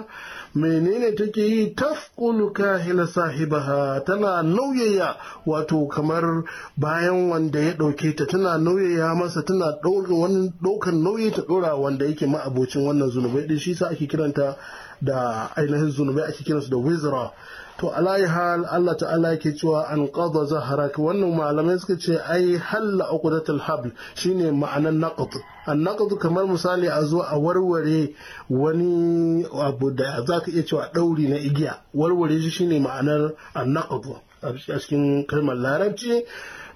menene take yi tafkunu kahila sahibaha tana nauyaya wato kamar bayan wanda ya ɗauke ta tana nauyaya masa tana ɗaukan nauyi ta ɗora wanda yake ma'abocin wannan zunubai ɗin shi sa ake kiranta da ainihin zunubai ake kiransu da wizra to alayi Allah ta'ala yake cewa an qada zaharak wannan malamai suka ce ai halla uqdatul habl shine ma'anan naqd an naqd kamar misali a zo a warware wani abu da zaka iya cewa dauri na igiya warware shi shine ma'anar an naqd a cikin kalmar larabci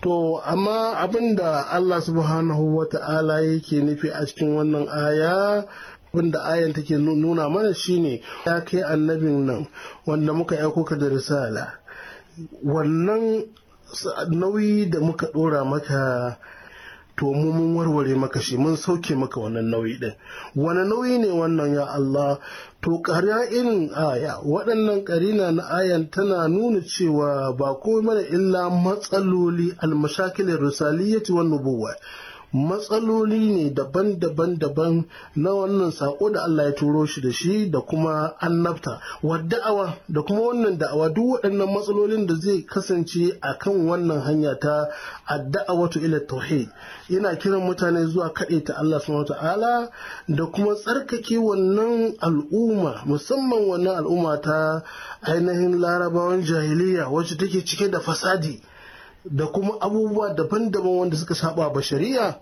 To, amma abinda Allah subhanahu wa ta'ala yake nufi a cikin wannan aya abin da ayan take nuna mana shine ya kai annabin nan wanda muka aiko da risala wannan nauyi da muka ɗora maka to mun warware maka shi mun sauke maka wannan nauyi din wani nauyi ne wannan ya Allah to irin aya waɗannan ƙarina na ayan tana nuna cewa ba mana illa matsaloli almashakilin risaliyyati wan nubuwwa matsaloli ne daban-daban daban na wannan sako da Allah ya turo shi da shi da kuma annabta wadda'awa da kuma wannan da'awa duk waɗannan matsalolin da zai kasance a kan wannan hanya ta wato ila tauhid yana kiran mutane zuwa kaɗe ta Allah subhanahu ta'ala da kuma tsarkake wannan al'umma musamman wannan al'umma ta ainihin larabawan jahiliya wacce take cike da fasadi da kuma abubuwa daban-daban wanda suka saba ba shari'a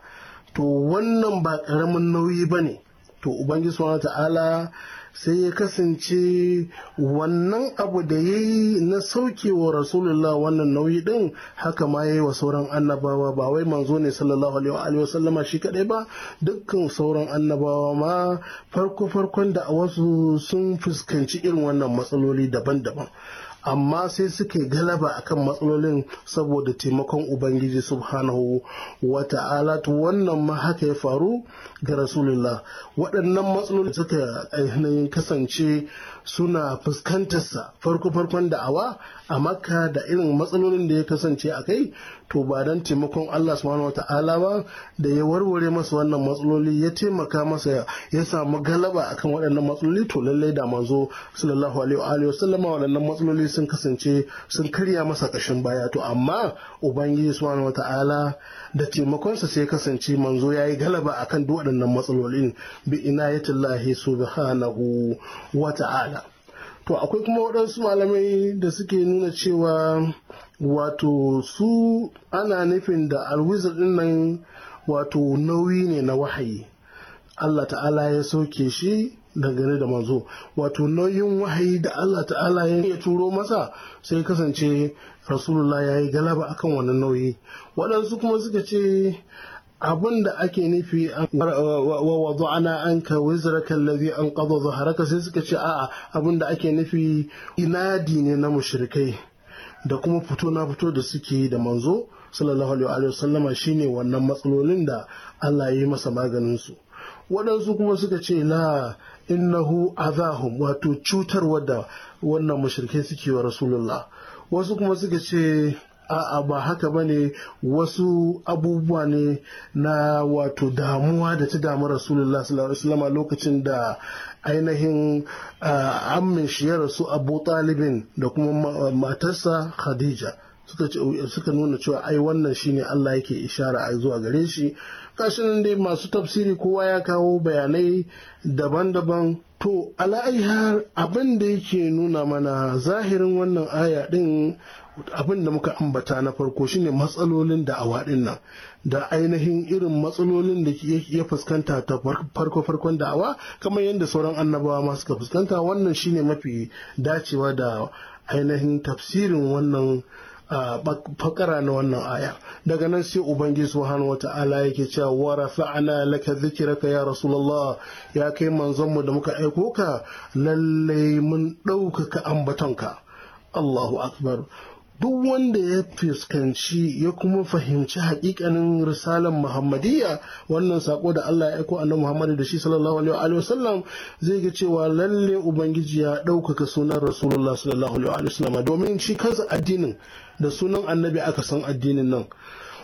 to wannan ba ƙaramin nauyi ba ne to ubangi subhanahu ta'ala sai ya kasance wannan abu da ya yi na saukewa rasulullah wannan nauyi din haka ma ya yi wa sauran annabawa ba wai manzo ne sallallahu alaihi wasallama shi kadai ba dukkan sauran annabawa ma farko farkon da wasu sun fuskanci irin wannan matsaloli daban-daban amma sai suka yi galaba akan matsalolin saboda taimakon ubangiji subhanahu wa ta'ala to wannan ma haka ya faru ga rasulullah waɗannan matsaloli suka ainihin kasance suna fuskantarsa farko-farkon da'awa a makka da irin matsalolin da ya kasance a kai to ba don taimakon allah subhanahu wa ta'ala ba da ya warware masa wannan matsaloli ya taimaka masa ya samu galaba akan waɗannan matsaloli to lallai da manzo sallallahu alaihi wa sallama waɗannan matsaloli sun kasance sun karya masa ƙashin baya to amma ubangiji subhanahu wa ta'ala da taimakonsa sai kasance manzo ya yi galaba akan duk waɗannan matsalolin bi inayatillahi subhanahu wa ta'ala to akwai kuma waɗansu malamai da suke nuna cewa wato su ana nufin da alwizar ɗin nan wato nauyi ne na wahayi Allah ta'ala ya sauke shi dangane da manzo wato nauyin wahayi da Allah ta'ala ya turo masa sai kasance rasulullah ya yi galaba akan wani nauyi waɗansu kuma suka ce abin da ake nufi wa ana an ka wizraka allazi an qada zaharaka sai suka ce a'a abin da ake nufi inadi ne na mushrikai da kuma fito na fito da suke da manzo sallallahu alaihi wa sallama shine wannan matsalolin da Allah ya yi masa maganin su waɗansu kuma suka ce la innahu azahum wato cutarwa da wannan mushrikai suke wa rasulullah wasu kuma suka ce a'a ba haka ba ne wasu abubuwa ne na wato damuwa da ta damu rasulullah sallallahu lokacin da ainihin ammin shi ya rasu abu talibin da kuma matarsa khadija suka nuna cewa ai wannan shine Allah yake ishara a zuwa gare shi kashin dai masu tafsiri kowa ya kawo bayanai daban-daban to ala'ayyar abin da yake nuna mana zahirin wannan aya ɗin abin da muka ambata na farko shine matsalolin da awaɗin nan da ainihin irin matsalolin da ya fuskanta ta farko-farkon da'awa kamar yadda sauran annabawa ma suka fuskanta wannan shine mafi dacewa da ainihin tafsirin wannan fakara na wannan aya daga nan sai ubangiji subhanahu wata'ala yake cewa wa rafa'na laka dhikraka ya rasulullah ya kai manzon mu da muka aiko ka lalle mun ɗaukaka ka Allahu akbar duk wanda ya fuskanci ya kuma fahimci hakikanin risalar muhammadiyya wannan sako da Allah ya aiko annabi Muhammad da shi sallallahu alaihi wa sallam zai ga cewa lalle ubangiji ya ɗaukaka sunan rasulullah sallallahu alaihi wa sallam domin shi kansa addinin da sunan annabi aka san addinin nan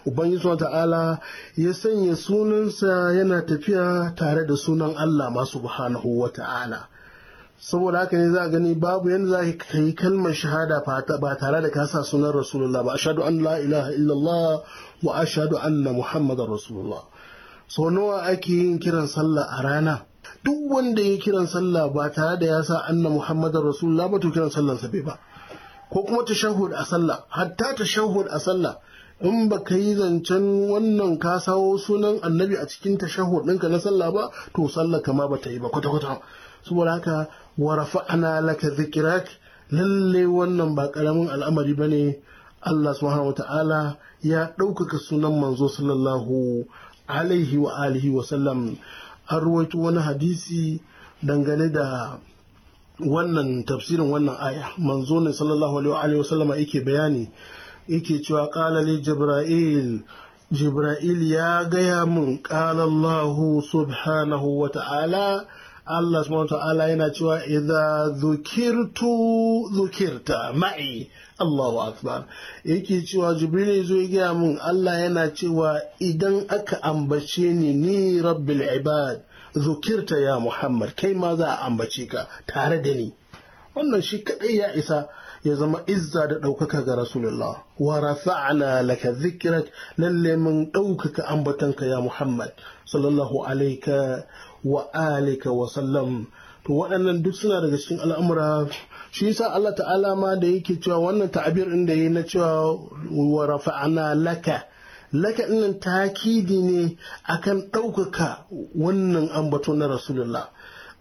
Ubangiji Subhanahu ta'ala ya sanya sunansa yana tafiya tare da sunan Allah masu subhanahu wa ta'ala saboda haka ne za a gani babu yadda za ka yi kalmar shahada ba tare da kasa sunan rasulullah ba ashadu an la ilaha illallah wa ashadu anna muhammadar rasulullah sau nawa ake yin kiran sallah a rana duk wanda ya kiran sallah ba tare da ya sa anna muhammadar rasulullah ba to kiran sallah ba ko kuma tashahud a sallah hatta tashahud a sallah in ba ka yi zancen wannan ka sawo sunan annabi a cikin tashahud ɗinka na sallah ba to sallah kama ba ta yi ba kwata-kwata saboda haka wa rafa'na laka zikirak lalle wannan ba karamin al'amari bane Allah subhanahu wata'ala ya ɗaukaka sunan manzo sallallahu alaihi wa alihi wa sallam an ruwaito wani hadisi dangane da wannan tafsirin wannan aya manzo ne sallallahu alaihi wa sallama yake bayani yake cewa qala li jibril jibril ya gaya min qala Allah subhanahu wa Allah subhanahu ta'ala yana cewa idza zukirtu zukirta ma'i Allahu akbar yake cewa Jibril zo ya gaya mun Allah yana cewa idan aka ambace ni ni rabbil ibad zukirta ya Muhammad kai ma za a ambace ka tare da ni wannan shi kadai ya isa ya zama izza da ɗaukaka ga Rasulullah. Wa rafa'na laka zikrak lalle mun ɗaukaka ambatanka ya Muhammad sallallahu alaika wa alika wa sallam to waɗannan duk suna daga cikin al'amura shi yasa Allah ta'ala ma da yake cewa wannan ta'abir ɗin da yi na cewa wa rafa'ana laka laka ɗinnan takidi ne akan ɗaukaka wannan ambato na rasulullah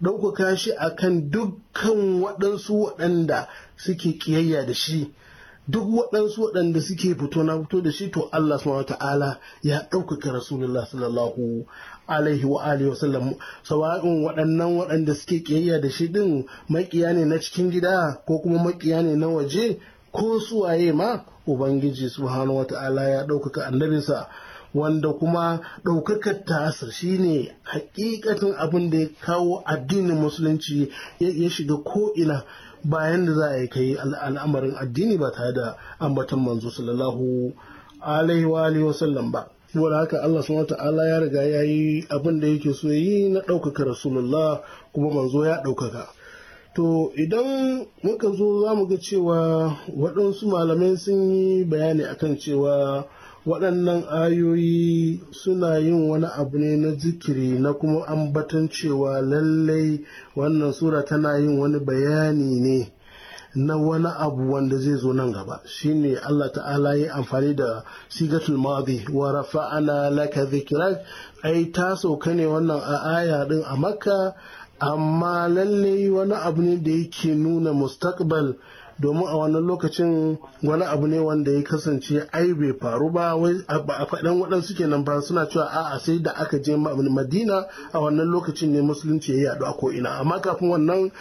ɗaukaka shi akan dukkan waɗansu waɗanda suke kiyayya da shi duk waɗansu waɗanda suke fito na fito da shi to Allah subhanahu ya ɗaukaka rasulullah sallallahu alaihi wa alihi wasallam sawa'in waɗannan waɗanda suke kiyayya da shi ɗin maƙiya ne na cikin gida ko kuma maƙiya ne na waje ko suwaye ma ubangiji subhanahu wata'ala ya ɗaukaka annabinsa wanda kuma ɗaukakar tasir ne hakikatin abin da ya kawo addinin musulunci ya shiga ko'ina bayan da za a yi kai al'amarin addini ba tare da ambaton manzo sallallahu alaihi wa sallam ba saboda haka Allah subhanahu ta'ala ya riga ya yi abin da yake so yi na ɗaukaka rasulullah kuma manzo ya ɗaukaka to idan muka zo za mu ga cewa waɗansu malamai sun yi bayani akan cewa waɗannan ayoyi suna yin wani abu ne na zikiri na kuma ambatan cewa lallai wannan sura tana yin wani bayani ne na wani abu wanda zai zo nan gaba shine Allah ta'ala ya amfani da sigatul madi wa rafa'ana laka dhikrak ai ta sauka ne wannan a aya din a makka amma lalle wani abu ne da yake nuna mustaqbal domin a wannan lokacin wani abu ne wanda ya kasance ai bai faru ba wai a faɗin waɗansu nan ba suna cewa a'a sai da aka je madina a wannan lokacin ne musulunci ya yi a ko'ina amma kafin wannan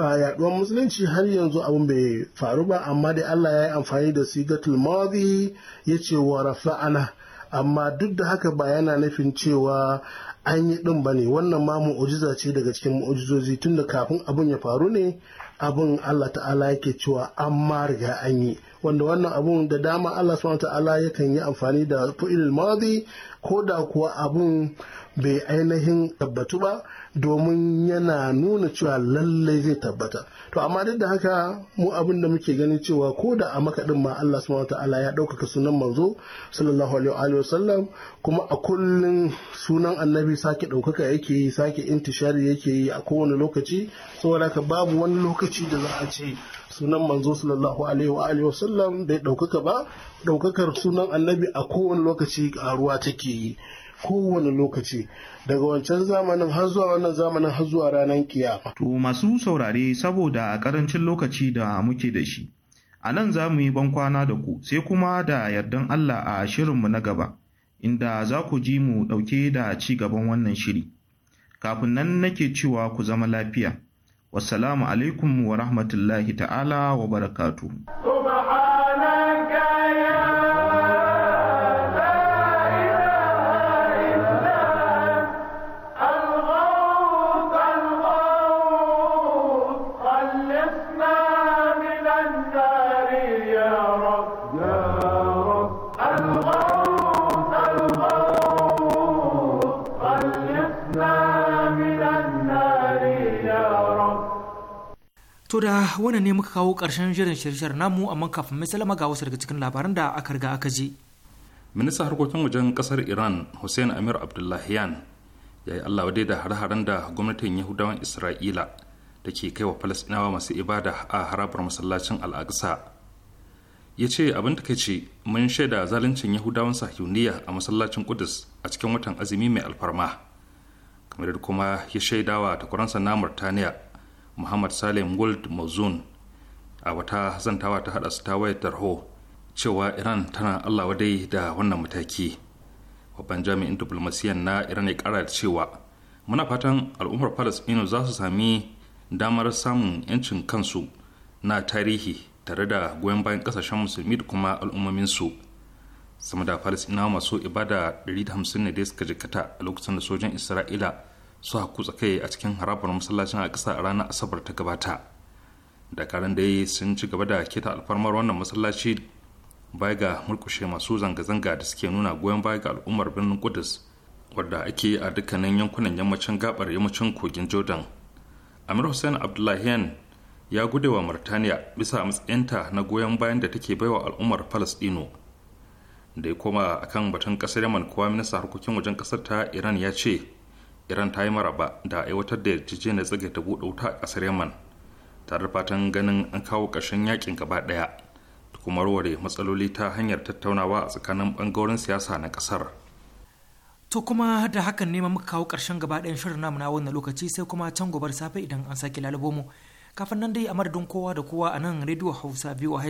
yaduwar musulunci har yanzu abin bai faru ba amma dai Allah ya yi amfani da sigatul madi ya ce wa rafa'ana amma duk da haka ba yana nufin cewa an yi ɗin ba ne wannan ma mu'ujiza ce daga cikin mu'ujizozi tun da kafin abin ya faru ne abin Allah ta'ala yake cewa amma riga an yi wanda wannan abun da dama Allah subhanahu ta'ala yakan yi amfani da fi'il madi ko da kuwa abun bai ainihin tabbatu ba domin yana nuna cewa lallai zai tabbata to amma duk da haka mu abin da muke ganin cewa ko da a makaɗin ma Allah subhanahu ta'ala ya ɗaukaka sunan manzo sallallahu alaihi sallam, kuma a kullun sunan annabi sake ɗaukaka yake yi sake intishari yake yi a kowane lokaci saboda babu wani lokaci da za a ce sunan manzo sallallahu alaihi wa alihi wasallam bai ɗaukaka ba ɗaukakar sunan annabi a kowane lokaci ƙaruwa take yi kowane lokaci daga wancan zamanin har zuwa wannan zamanin har zuwa ranar kiyama. To masu saurare saboda a karancin lokaci da muke da shi. A nan za mu yi bankwana da ku sai kuma da yardan Allah a shirin mu na gaba, inda za ku ji mu ɗauke da ci gaban wannan shiri. Kafin nan nake cewa ku zama lafiya. Wassalamu alaikum wa rahmatullahi ta'ala wa barakatuhu. To da wannan ne muka kawo ƙarshen shirin shirshar namu amma kafin mai salama ga wasu daga cikin labaran da aka riga aka ji. Ministan harkokin wajen ƙasar Iran Hussein Amir Abdullahian ya yi Allah wadai da har haren da gwamnatin Yahudawan Isra'ila da ke kai wa Falasɗinawa masu ibada a harabar masallacin Al-Aqsa. Ya ce abin da ce mun shaida zaluncin Yahudawan Sahiyuniya a masallacin Kudus a cikin watan azumi mai alfarma. Kamar kuma ya shaidawa takwaransa na Murtaniya muhammad salim gold mazun a wata zantawa ta hada su ta wayar tarho cewa iran tana allah wadai da wannan mataki babban jami'in diplomasiyan na iran ya kara da cewa muna fatan al'ummar palestino za su sami damar samun 'yancin kansu na tarihi tare da goyon bayan kasashen musulmi da kuma al'ummominsu sama da palestinawa masu ibada 150 ne da suka jikata a lokacin da sojan isra'ila su kutsa kai a cikin harabar masallacin a ƙasa a ranar asabar ta gabata dakarun da sun ci gaba da keta alfarmar wannan masallaci baya ga murkushe masu zanga-zanga da suke nuna goyon baya ga al'ummar birnin kudus wadda ake a dukkanin yankunan yammacin gabar yammacin kogin jordan amir hussein abdullahian ya gude wa martaniya bisa matsayinta na goyon bayan da take baiwa al'ummar palestino da ya koma akan batun kasar yaman kuwa minista harkokin wajen kasar ta iran ya ce iran ta yi maraba da aiwatar da yarjejeniyar tsage ta buɗe wuta a ƙasar yaman tare da fatan ganin an kawo ƙarshen yakin gaba ɗaya da kuma warware matsaloli ta hanyar tattaunawa a tsakanin ɓangaren siyasa na ƙasar to kuma da hakan ne muka kawo ƙarshen gaba ɗayan shirin namu na wannan lokaci sai kuma can gobar safe idan an sake lalubo mu kafin nan dai a madadin kowa da kowa a nan rediyo hausa voh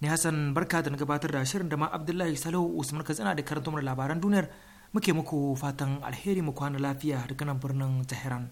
ne hassan barka da na gabatar da shirin da ma abdullahi salihu usman katsina da karanta labaran duniyar muke muku fatan alheri mu kwana lafiya daga nan birnin tehran